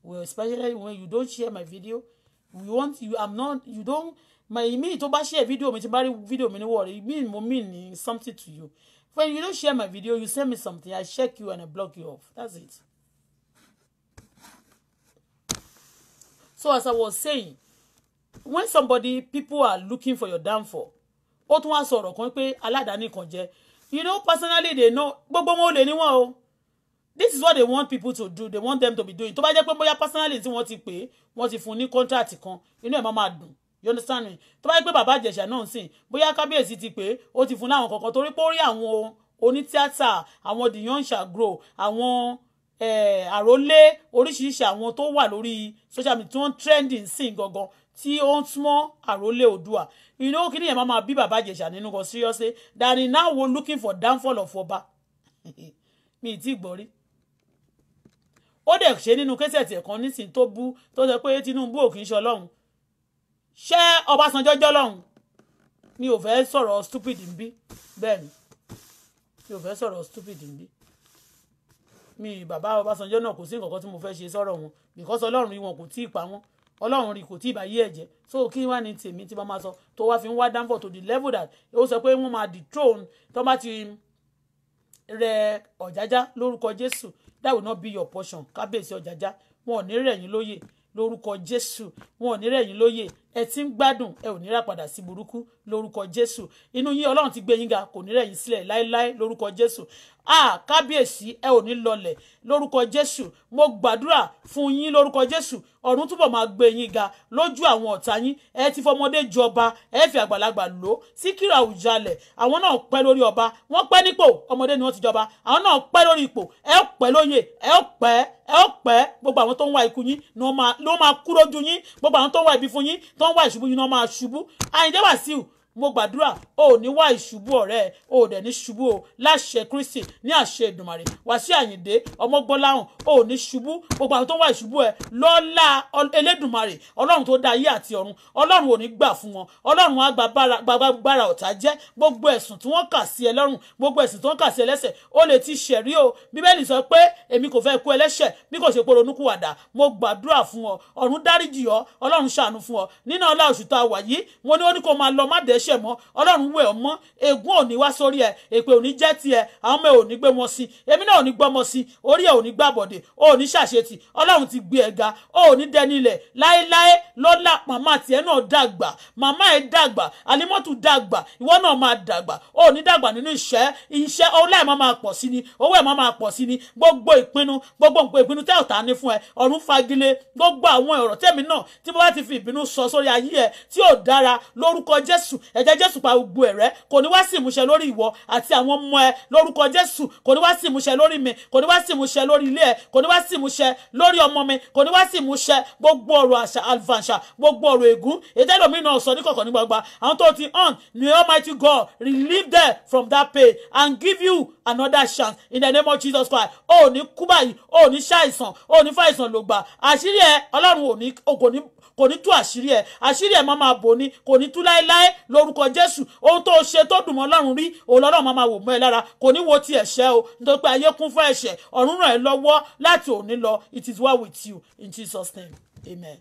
well especially when you don't share my video We want you i'm not you don't my me tó bá share video mi tí bá rí video mi what? It mean mo mean something to you when you don't share my video you send me something i check you and i block you off that's it so as i was saying when somebody people are looking for your downfall ó tún wá sọ̀rọ̀ kan pé aládàáni kan jẹ́ you know personally they know gbogbo wọn ò lè níwọ̀n o this is what they want people to do they want them to be doing tó bá jẹ́ pé bóyá personally tí wọ́n ti pè wọ́n ti fún ní contract kan know, ẹ̀ máa máa dùn you understand me tó bá jẹ́ pé bàbá àjẹsà náà ń sìn bóyá kábíyèsí ti pè ó ti fún láwọn kankan torí pé ó rí àwọn onítíátà àwọn the young shall grow àwọn eh, àròlé oríṣiríṣi àwọn tó wà lórí social media to wọ́n trending sìn gangan tí ó ń túmọ̀ àrólé Oòduà you know kí ni yẹn máa máa bí bàbá Ìjẹ̀ṣà nínú kan seriously that now were looking for downfall of ọba mi ì tí ì gbọ́ rí ó dẹ̀ ṣe nínú kẹsẹ̀tì ẹ̀kan nísìnyí tó bú tó sọ pé Tinubu ò kì í ṣe ọlọ́run ṣé Ọbásanjọ́ jọ́ ọlọ́run mi ò fẹ́ sọ̀rọ̀ stupid ń bí bẹ́ẹ̀ ni mi ò fẹ́ sọ̀rọ̀ stupid ń bí mi bàbá Ọbásanjọ́ náà kò sí nǹkan kan tí mo fẹ́ ṣe sọ̀rọ̀ wọn because ọlọ́run wọn kò tí ì pa wọn ọlọ́run rí kò tí ì bá yé ẹ̀jẹ̀ so kí wá ní tèmi tí wọ́n máa sọ tó wá fi ń wá downfall to the level that ó sọ pé wọ́n máa dethrone tó bá ti rẹ ọ̀jájá lórúkọ jésù that will not be your portion kábíyèsí ọ̀jájá wọn ò ní rẹ̀yìn lóyè lórúkọ jésù wọn ò ní rẹ̀yìn lóyè ẹ ti ń gbádùn ẹ ò ní rà padà sí burúkú lórúkọ jésù inú yín ọlọ́run ti gbé yín ga kò ní rẹ̀ yín sílẹ̀ láéláé lórúkọ jésù a kábíyèsí ẹ ò ní lọlẹ̀ lórúkọ jésù mo gbàdúrà fún yín lórúkọ jésù ọ̀run túbọ̀ máa gbé yín ga lójú àwọn ọ̀tá yín ẹ ti fọmọdé jọba ẹ fi àgbàlagbà lò síkírà àwùjalẹ̀ àwọn náà pẹ́ lórí ọba wọ́n pẹ́ nípò ọmọdé ni wọ́n ti jọba àwọn náà pẹ́ lórí ipò ẹ ó pẹ́ lóyè ẹ ó pẹ́ ẹ pẹ́ gbogbo àwọn tó ń wá ikú yín ló máa kú lójú yín gbogbo àwọn tó ń wá ibi fún yín tó kan wà ìṣubú yìí náà máa ṣubú Àyìndé Wàsíù mo gbàdúrà o ò ní wá ìṣubú ọ̀rẹ́ o ò dẹ̀ ní ṣubú o láṣẹ kristi ní àṣẹ ìdùnmàrè wàsíù àyìndé ọmọgbọ́láhùn o ò ní ṣubú gbogbo àwọn tó ń wá ìṣubú ẹ lọ́lá elédùnmàrè ọlọ́run tó dá ayé àti ọ̀run ọlọ́run ò ní gbà fún wọn ọlọ́run á gbàgbára ọ̀tá jẹ́ gbogbo ẹ̀sùn tí wọ́n kà sí ẹ lọ́rùn gbogbo ẹ̀sùn tí wọ́n kà sí ẹ lẹ́sẹ̀ ó lè ti ṣẹ̀rí o bíbélì sọ pé èmi kò fẹ́ kú ẹlẹ́ṣẹ̀ bí kò ṣe pé ronúkúwàdà mo gbàdúrà fún ọ ọ̀run dáríjì ọ ọlọ́run ṣàánú fún ọ nínú ọlá oṣù wà yìí mo ní ó ní kó máa lọ má dẹ́ṣ ṣẹ̀ mọ́ ọlọ́run wẹ̀ ọ́ mọ́ ègún wá sórí ẹ̀ èpè ò ní jẹ́ àwọn ọmọ ẹ̀ gbé wọn sí èmi náà ò ní gbọ́mọ orí ẹ̀ ò ní gbàbọ̀dẹ̀ ṣàṣetì ọlọ́run ti gbé ẹ̀ ga ò ní láéláé lọ́lá màmá tiẹ̀ náà dàgbà màmá ẹ̀ dàgbà alimọ́tù dàgbà ìwọ náà máa dàgbà ò dàgbà nínú iṣẹ́ iṣẹ́ ọlá ẹ̀ máa máa pọ̀ sí ni owó ẹ̀ máa máa pọ̀ sí ni gbogbo ìpinnu gbogbo nǹkan ìpinnu tẹ́ ọ̀tá ní fún ẹ ọ̀run fagilé gbogbo àwọn ọ̀rọ̀ tẹ́mi náà tí mo ti fi ìbínú sọ sórí ayé ẹ tí ò dára lórúkọ Jésù ẹ̀jẹ̀ jésù pa gbogbo ẹ̀rẹ́ kò ní wá sí ìmúṣẹ lórí ìwọ àti àwọn ọmọ ẹ lórúkọ jésù kò ní wá sí ìmúṣẹ lórí mi kò ní wá sí ìmúṣẹ lórí ilé ẹ kò ní wá sí ìmúṣẹ lórí ọmọ mi kò ní wá sí ìmúṣẹ gbogbo ọ̀rọ̀ àṣà àlùfàǹṣà gbogbo ọ̀rọ̀ ègún ìtẹ́lómi náà sọ níkọ̀kọ̀ ní gbangba àwọn tó ti hàn may almighty god relieve them from that pain and give you another chance in the name of jesus christ ò ní kú báyìí ò ní ṣàìsàn ò ní fàìsàn lògbà àṣírí ẹ ọlọ́run ò ní kò ní tú àṣírí ẹ àṣírí ẹ máa máa bò ní kò ní tú láéláé lórúkọ jésù ohun tó ṣe tó dùn mọ́ ọlọ́run rí òun lọ́lọ́run máa máa wò mọ́ ẹ lára kò ní wo ti ẹ̀ṣẹ̀ o nítorí pé ayé kún fún ẹ̀ṣẹ̀ ọ̀run ràn ẹ́ lọ́wọ́ láti òní lọ it is well with you in jesus name amen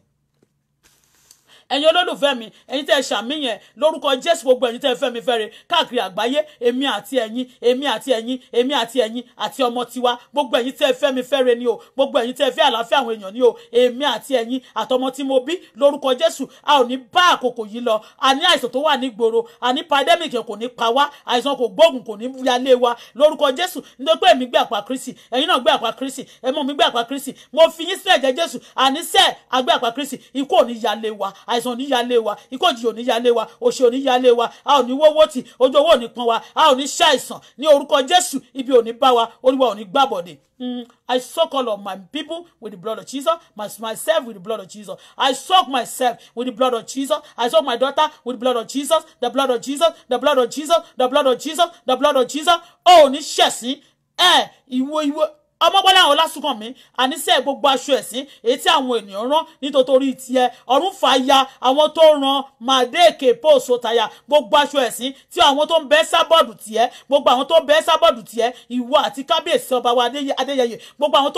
ẹ̀yin olólùfẹ́ mi ẹ̀yin tẹ́ ẹ ṣàmì yẹn lórúkọ jésù gbogbo ẹ̀yin tẹ́ ẹ fẹ́ mi fẹ́re káàkiri àgbáyé èmi àti ẹ̀yin èmi àti ẹ̀yin èmi àti ẹ̀yin àti ọmọ tiwa gbogbo ẹ̀yin tẹ́ ẹ fẹ́ mi fẹ́re ni o gbogbo ẹ̀yin tẹ́ ẹ fẹ́ àlàáfíà àwọn èèyàn ni o èmi àti ẹ̀yin àtọmọ tí mo bí lórúkọ jésù a ò ní bá àkókò yìí lọ àní àìsàn tó wà ní gbòòrò àní pandemic kò ní pa wá àìsàn kò gbóògùn kò ní yalé wa lórúkọ jésù nítorí pé èmi gbé àpá kristi ẹ̀yin náà gbé àpá kristi ẹ̀mọ́ mi gbé àpá kristi mo fi yín sílẹ̀ jẹ́ jésù àní sẹ́ẹ̀ agbé àpá kristi ikú ò ní yalé wa à àìsàn ò wa ìkòjì ò ní wa òṣè ò wa a ò ní wówó tì ojú owó ò ní pọ́n wa a ò ní ṣàìsàn ní orúkọ Jésù ibi ò ní bá wa olúwa ò ní gbàbọ̀dé Mm, I soak all of my people with the blood of Jesus, my, myself with the blood of Jesus. I soak myself with the blood of Jesus. I soak my daughter with the blood of Jesus, the blood of Jesus, the blood of Jesus, the blood of Jesus, the blood of Jesus. Oh, ní ṣẹ̀sín. Eh, ìwọ ìwọ ọmọbọlá àwọn lásùnkànmí àníṣe gbogbo aṣọ ẹ̀sìn èyí tí àwọn ènìyàn rán nítorí tiẹ̀ ọ̀run fàáya àwọn tó ran màdéèké pòṣọ tàyà gbogbo aṣọ ẹ̀sìn tí àwọn tó ń bẹ sábọ̀dù tiẹ̀ gbogbo àwọn tó ń bẹ sábọ̀dù tiẹ̀ ìwọ àti kábíyèsí ọba wa adéyẹyẹ gbogbo àwọn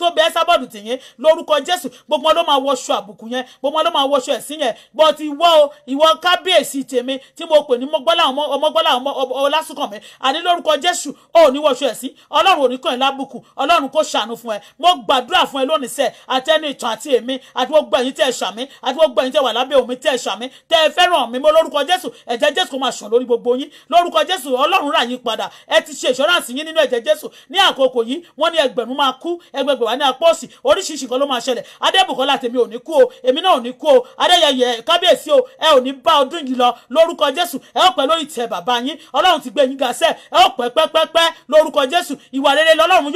tó bẹ sábọ̀dù tìyẹn lórúkọ jésù gbogbo wọn ló máa wọṣọ àbùkù yẹn gbogbo wọn ló máa wọṣọ ẹ̀sìn yẹn but ìwọ o ìwọ kábíyèsí ọlọ́run kó ṣàánú fún ẹ mo gbàdúrà fún ẹ lónìí sẹ àtẹnu ìtàn àti èmi àti gbogbo ẹ̀yin tẹ́ ṣàmí àti gbogbo ẹ̀yin wà lábẹ́ omi tẹ́ ṣàmí tẹ́ ẹ fẹ́ràn mi mo lórúkọ jésù ẹ̀jẹ̀ jésù kó máa ṣàn lórí gbogbo yín lórúkọ jésù ọlọ́run rà yín padà ẹ ti ṣe ìṣọ́ránsì yín nínú ẹ̀jẹ̀ jésù ní àkókò yìí wọ́n ní ẹgbẹ̀rún máa kú ẹgbẹ̀gbẹ̀ wà ní apọ́ọ̀sì oríṣiríṣi nǹkan o èmi o adéyẹyẹ kábíyèsí o ẹ ò ní bá ọdún yìí lọ lórúkọ jésù ẹ ó pẹ́ lórí tẹ bàbá yín ọlọ́run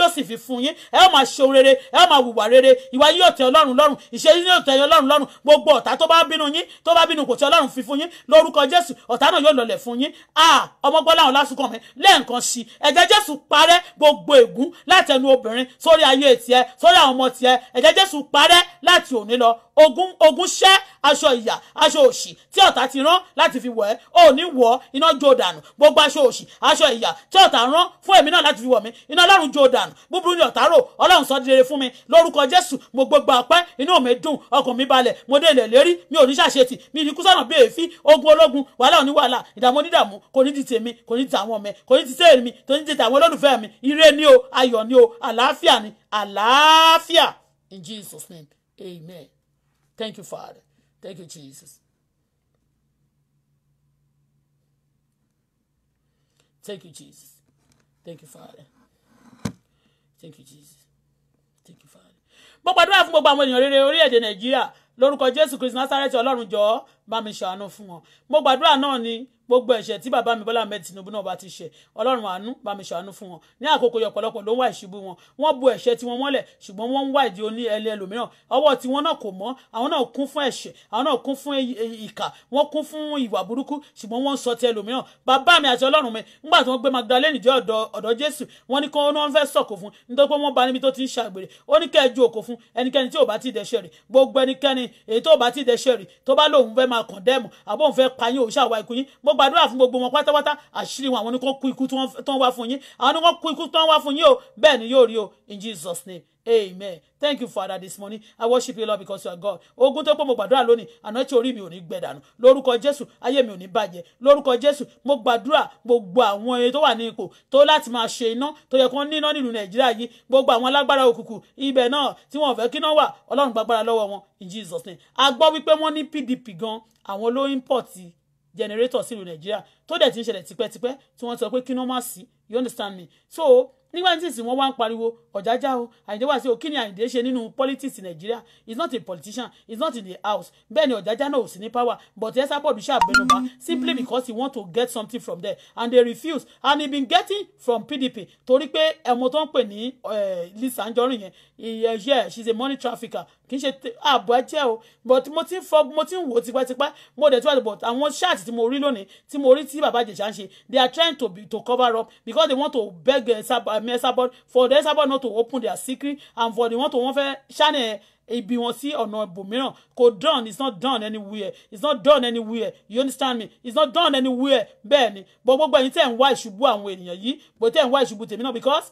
ti fi fún yín ẹ máa ṣe orere ẹ máa wùwà rere ìwà yóò tẹ́ ọlọ́run lọ́rùn ìṣe yóò tẹ́ ọlọ́run lọ́rùn gbogbo ọ̀tá tó bá bínú yín tó bá bínú kò tí ọlọ́run fi fún yín lórúkọ jésù ọ̀tá náà yóò lọlẹ̀ fún yín ọmọgbọ́n láwọn lásùkàn mi lẹ́ẹ̀kan sí ẹ̀jẹ̀ jésù parẹ́ gbogbo ègún látẹnu obìnrin sórí ayé tiẹ̀ sórí àwọn ọmọ tiẹ̀ ẹ̀jẹ̀ jésù parẹ́ láti òní lọ ogun ogun ṣẹ́ aṣọ ìyà aṣọ òṣì tí ọ̀tá ti rán láti fi wọ̀ ẹ́ ò ní wọ̀ iná jó dànù gbogbo aṣọ òṣì aṣọ ìyà tí ọ̀tá rán fún èmi náà láti fi wọ̀ mí iná ọlọ́run jó dànù búburú ni ọ̀tá rò ọlọ́run sọ dídere fún mi lórúkọ jésù mo gbogbo àpẹ́ inú mi dùn ọkàn mi balẹ̀ mo dé ilẹ̀ lérí mi ò ní ṣàṣetì mi ní kúsànà bí èéfín ogun ológun wàhálà òní wàhálà ìdààmú onídààmú kò ní di tèmi kò ní di tàwọn ọmọ kò ní di tèmi mi tó ní di tàwọn olólùfẹ́ mi ire ni o ayọ̀ ni o àlàáfíà ni àlàáfíà in Jesus name amen. Thank you, Father. Thank you, Jesus. Thank you, Jesus. Thank you, Father. Thank you, Jesus. Thank you, Father. Mo gbàdúrà fún gbogbo àwọn ènìyàn rere orílẹ̀-èdè Nàìjíríà lórúkọ Jésù Kristi Násárẹ́tì Ọlọ́run jọ̀ọ́ bá mi ṣàánú fún wọn. Mo gbàdúrà náà ni gbogbo ẹ̀ṣẹ̀ tí bàbá mi Bọ́lá Ahmed Tinubu náà bá ti ṣẹ̀ ọlọ́run àánú bá mi ṣàánú fún wọn ní àkókò yọ ọ̀pọ̀lọpọ̀ ló ń wá ìṣubú wọn wọ́n bu ẹ̀ṣẹ̀ tí wọ́n mọ́lẹ̀ ṣùgbọ́n wọ́n ń wá ìdí oní ẹlẹ́ ẹlòmíràn ọwọ́ tí wọ́n náà kò mọ́ àwọn náà kún fún ẹ̀ṣẹ̀ àwọn náà kún fún ìkà wọ́n kún fún ìwà burúkú ṣùgbọ́n wọ́n ń sọ ti ẹlòmíràn bàbá mi àti ọlọ́run mi ńgbà tí wọ́n gbé Magdalene dé ọ̀dọ̀ ọ̀dọ̀ Jésù wọ́n ní kó wọ́n fẹ́ sọ̀kò fún nítorí pé wọ́n bá níbi tó ti ń ṣàgbèrè ó ní kẹ́ẹ̀jú òkò fún ẹnikẹ́ni tí ò bá ti dẹ̀ṣẹ̀ rẹ̀ gbogbo ẹnikẹ́ni èyí tó bá ti dẹ̀ṣẹ̀ rẹ̀ tó bá lóun fẹ́ máa kàn dẹ́mu àbóun fẹ́ payín òun ṣàwá ikú yín mo gbàdúrà fún gbogbo wọn pátápátá àṣírí wọn àwọn ni kú ikú tó ń wá fún yín àwọn ni kú ikú tó ń wá fún yín o bẹ́ẹ̀ ni yóò rí o in Jesus name amen thank you father this morning i worship you lord because you are god ogun tó pé mo gbàdúrà lónìí àná tí orí mi ò ní gbẹ dànù lórúkọ jésù ayé mi ò ní bàjẹ́ lórúkọ jésù mo gbàdúrà gbogbo àwọn ẹni tó wà ní ipò tó láti máa ṣe iná tó yẹ kó níná nílùú nàìjíríà yìí gbogbo àwọn alágbára òkùnkùn ibẹ̀ náà tí wọ́n fẹ́ kíná wà ọlọ́run gbàgbára lọ́wọ́ wọn in jesus name a gbọ́ wípé wọ́n ní pdp gan àwọn ló pọ̀ tí generator sílùú nàìjíríà tó dẹ̀ ti ń ṣẹlẹ̀ tipẹ́tipẹ́ tí wọ́n sọ pé kí ni wọ́n má sí you understand me so nígbà tí ìsìn wọn wá ń pariwo ọ̀jájá o àyìndé wá sí o kí ni àyìndé ṣe nínú politics nàìjíríà he is not a politician he is not in the house bẹ́ẹ̀ ni ọ̀jájá náà ò sí ní power but Esabod ṣàbẹnuba simply mm. because he want to get something from there and they refuse and he been getting from PDP torí pé ẹ̀mọ tó ń pè ní eh, Lisa Anjorin yẹn eh, yeah she is a money trafficker kì í ṣe ààbò ẹjẹ́ o but mo ti ń fọ mo ti ń wò tipẹ́tipẹ́ mo dẹ̀ tí wàá but àwọn ṣáàtì tí mo rí lónìí tí mo rí tí bàbá jẹ̀ṣà ń ṣe they are trying to, be, to cover up because they want to beg uh, I mean, Esabod, for the Esabod not to open their secret and for the one to one fẹ́ ṣáni ibi wọn sí ọ̀nà ibòmíràn kò done is not done anywhere it's not done anywhere you understand me it's not done anywhere bẹ́ẹ̀ ni bọ́ gbogbo ẹ̀yin tẹ̀ ń wá ìṣubú àwọn ènìyàn yìí bọ́ tẹ̀ ń wá ìṣubú tèmi náà because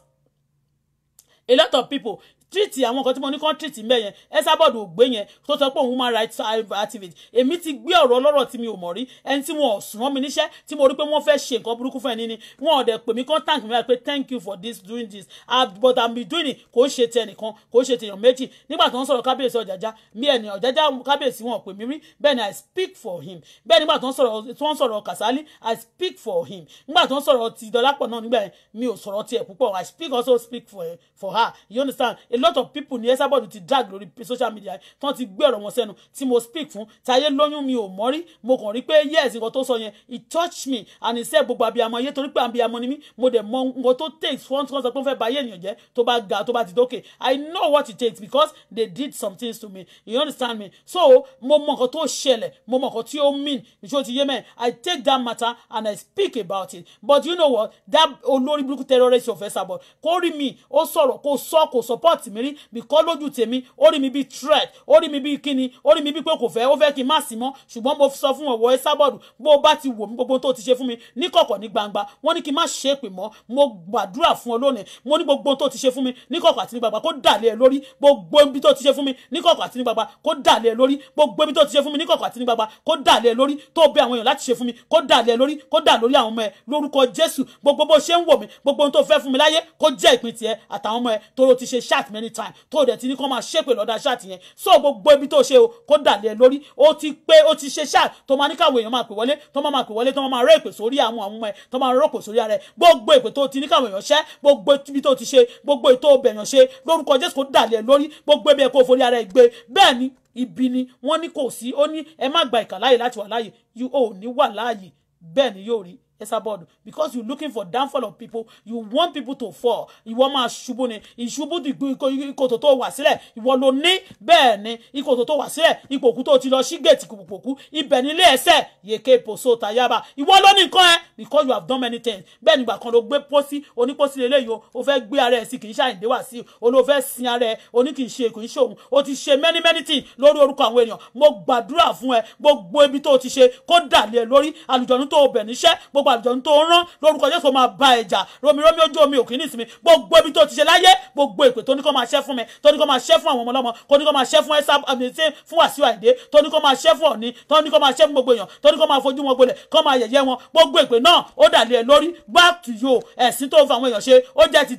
a lot of people treat àwọn nǹkan tí mo ní kán treat mẹ́yẹn Esabod ò gbé yẹn tó sọ pé òun human rights uh, activist èmi ti gbé ọ̀rọ̀ ọlọ́rọ̀ tí mi ò mọ̀ rí ẹni tí wọn ò sùn mi níṣẹ́ tí mo rí pé wọ́n fẹ́ ṣe nǹkan burúkú fún ẹni ni wọn ò dẹ̀ pè mí kán thank me pé thank you for this doing this ah, but i'm doing it kò ṣe ti ẹnìkan kò ṣe ti èèyàn méjì nígbà tó ń sọ̀rọ̀ kábíyèsí ọ̀jàjá mi ẹni ọ̀jàjá kábíyèsí wọn ò pè mí rí bẹ́ẹ̀ ni i speak for him bẹ́ẹ̀ nígbà tó ń sọ̀rọ̀ tó ń sọ̀rọ̀ kàsálí i speak for him nígbà tó ń sọ̀rọ̀ ti dọ́lápọ̀ náà nígbà yẹn mi ò sọ̀rọ̀ tiẹ̀ púpọ̀ i speak also speak for, for her you understand a lot of people ní Esabod ti drag lórí social media tán ti gbé ọ̀rọ̀ wọn sẹ́nu tí mo speak fún Táyé lóyún mi ò mọ́rí mo kàn rí pé yes nǹkan tó sọ yẹn it touch me and it said gbogbo abiyamọ yé torí pé abiyamọ ni mí mo dẹ̀ mọ nǹkan tó takes fún ọ́n sọ pé ó fẹ́ ba ayé ènìyàn jẹ́ tó bá ga tó bá ti dókè I know what it takes because they did some things to me you understand me so mo mọ nǹkan tó ṣẹlẹ̀ mo mọ nǹkan tí ó mean ìṣó ti yé mẹ́ I take that matter and I speak about it but you know what that olórí burúkú terrorist of Esabod kó rí mi ó sọ̀rọ̀ kó sọ kó support tì mí rí because lójú tèmi ó rí mi bíi threat ó rí mi bíi kíni ó rí mi bíi pé kò fẹ́ ó fẹ́ kí n má sí mọ́ ṣùgbọ́n mo sọ fún ọ̀wọ́ Esabod bó o bá ti wò mí gbogbo tó ti ṣe fún mi ní kọ̀kọ̀ ní gbangba wọ́n ní kí n má ṣe é pè mọ́ mo gbàdúrà fún ọ lónìí mo ní gbogbo tó ti ṣe fún mi ní kọ̀kọ̀ àti ní gbangba kó dàlẹ́ ẹ lórí gbogbo ibi tó ti ṣe fún mi ní kọ̀kọ̀ àti ní gbangba kó dàlẹ́ ẹ lórí gbogbo ibi tó ti ṣe fún mi ní kọ̀kọ̀ àti ní gbangba kó dàlẹ́ ẹ lórí tó bẹ àwọn èèyàn láti ṣe fún mi kó dàlẹ́ ẹ lórí kó dà lórí àwọn ọmọ ẹ lórúkọ Jésù gbogbo bó ṣe ń wò mí gbogbo ohun tó fẹ́ fún mi láyé kó jẹ́ ìpín tiẹ̀ àtàwọn ọmọ ẹ tó ti ṣe ṣáàt many times tó dẹ̀ ti ní kó máa ṣépè lọ́dà ṣáàtì yẹn so gbogbo ibi tó ṣe o kó dàlẹ́ lórí ó ti pé ó ti ṣe ṣáà tó máa ní káwọn èèyàn máa pè wọlé tó máa máa pè wọlé tó máa máa rẹ́ èpè sórí àwọn àwọn ọmọ ẹ̀ tó máa rọ́pò sórí ara ẹ̀ gbogbo èpè tó ti ní káwọn èèyàn ṣẹ́ gbogbo ibi tó ti ṣe gbogbo ètò ọbẹ̀yàn ṣe lórúkọ Jésù kó dàlẹ́ lórí gbogbo ibi ẹ̀ kó forí ara ẹ̀ gbé bẹ́ẹ̀ ni ibi ni wọ́n ní kò sí ó ní ẹ má gba ìkà láti wà láàyè yóò ní wà láàyè bẹ́ẹ̀ ni yóò rí Esabod, because you're looking for downfall of people, you want people to fall. You want my ṣubú ni, ìṣubú ìkòtò tó wà sílẹ̀, ìwọ ló ní bẹ́ẹ̀ ni ìkòtò tó wà sílẹ̀, ìpòkú tó ti lọ sí gèètì kòkòkò, ibẹ̀ nílé ẹsẹ̀, yèké pòso tayaba. Ìwọ ló ní nǹkan ẹ because you have done many things. Bẹ́ẹ̀ ba kan ló gbé pósí, onípósí lélẹ́yìí o, o fẹ́ gbé ara ẹ̀ sí kì í ṣàyìndé wá sí, o ló fẹ́ sin ara ẹ̀, o ní kì í o ti ṣe many many things lórí orúkọ àwọn èèyàn. Mo gbàdúrà fún ẹ, gbogbo ibi tó ti ṣe kó dàlẹ́ lórí, àlùjọ̀nú tó bẹ̀ níṣẹ́, gbogbo àjọ tó ń rán lórúkọ Jésù máa bá ẹjà romi ojú omi òkè ní ìsinmi gbogbo ibi tó ti ṣe láyé gbogbo èpè tó máa ṣẹ́ fún mi tó máa ṣẹ́ fún àwọn ọmọlọ́mọ tó máa ṣẹ́ fún ẹ̀sà àmìtí fún Wàsíù Àyìndé tó máa ṣẹ́ fún Ọ̀ní tó máa ṣẹ́ fún gbogbo èèyàn tó máa fojú wọn gbolẹ̀ kó máa yẹ̀yẹ́ wọn gbogbo èpè náà ó dàlẹ́ lórí back to you ẹ̀sìn tó fa àwọn èèyàn ṣe ó jẹ́ ti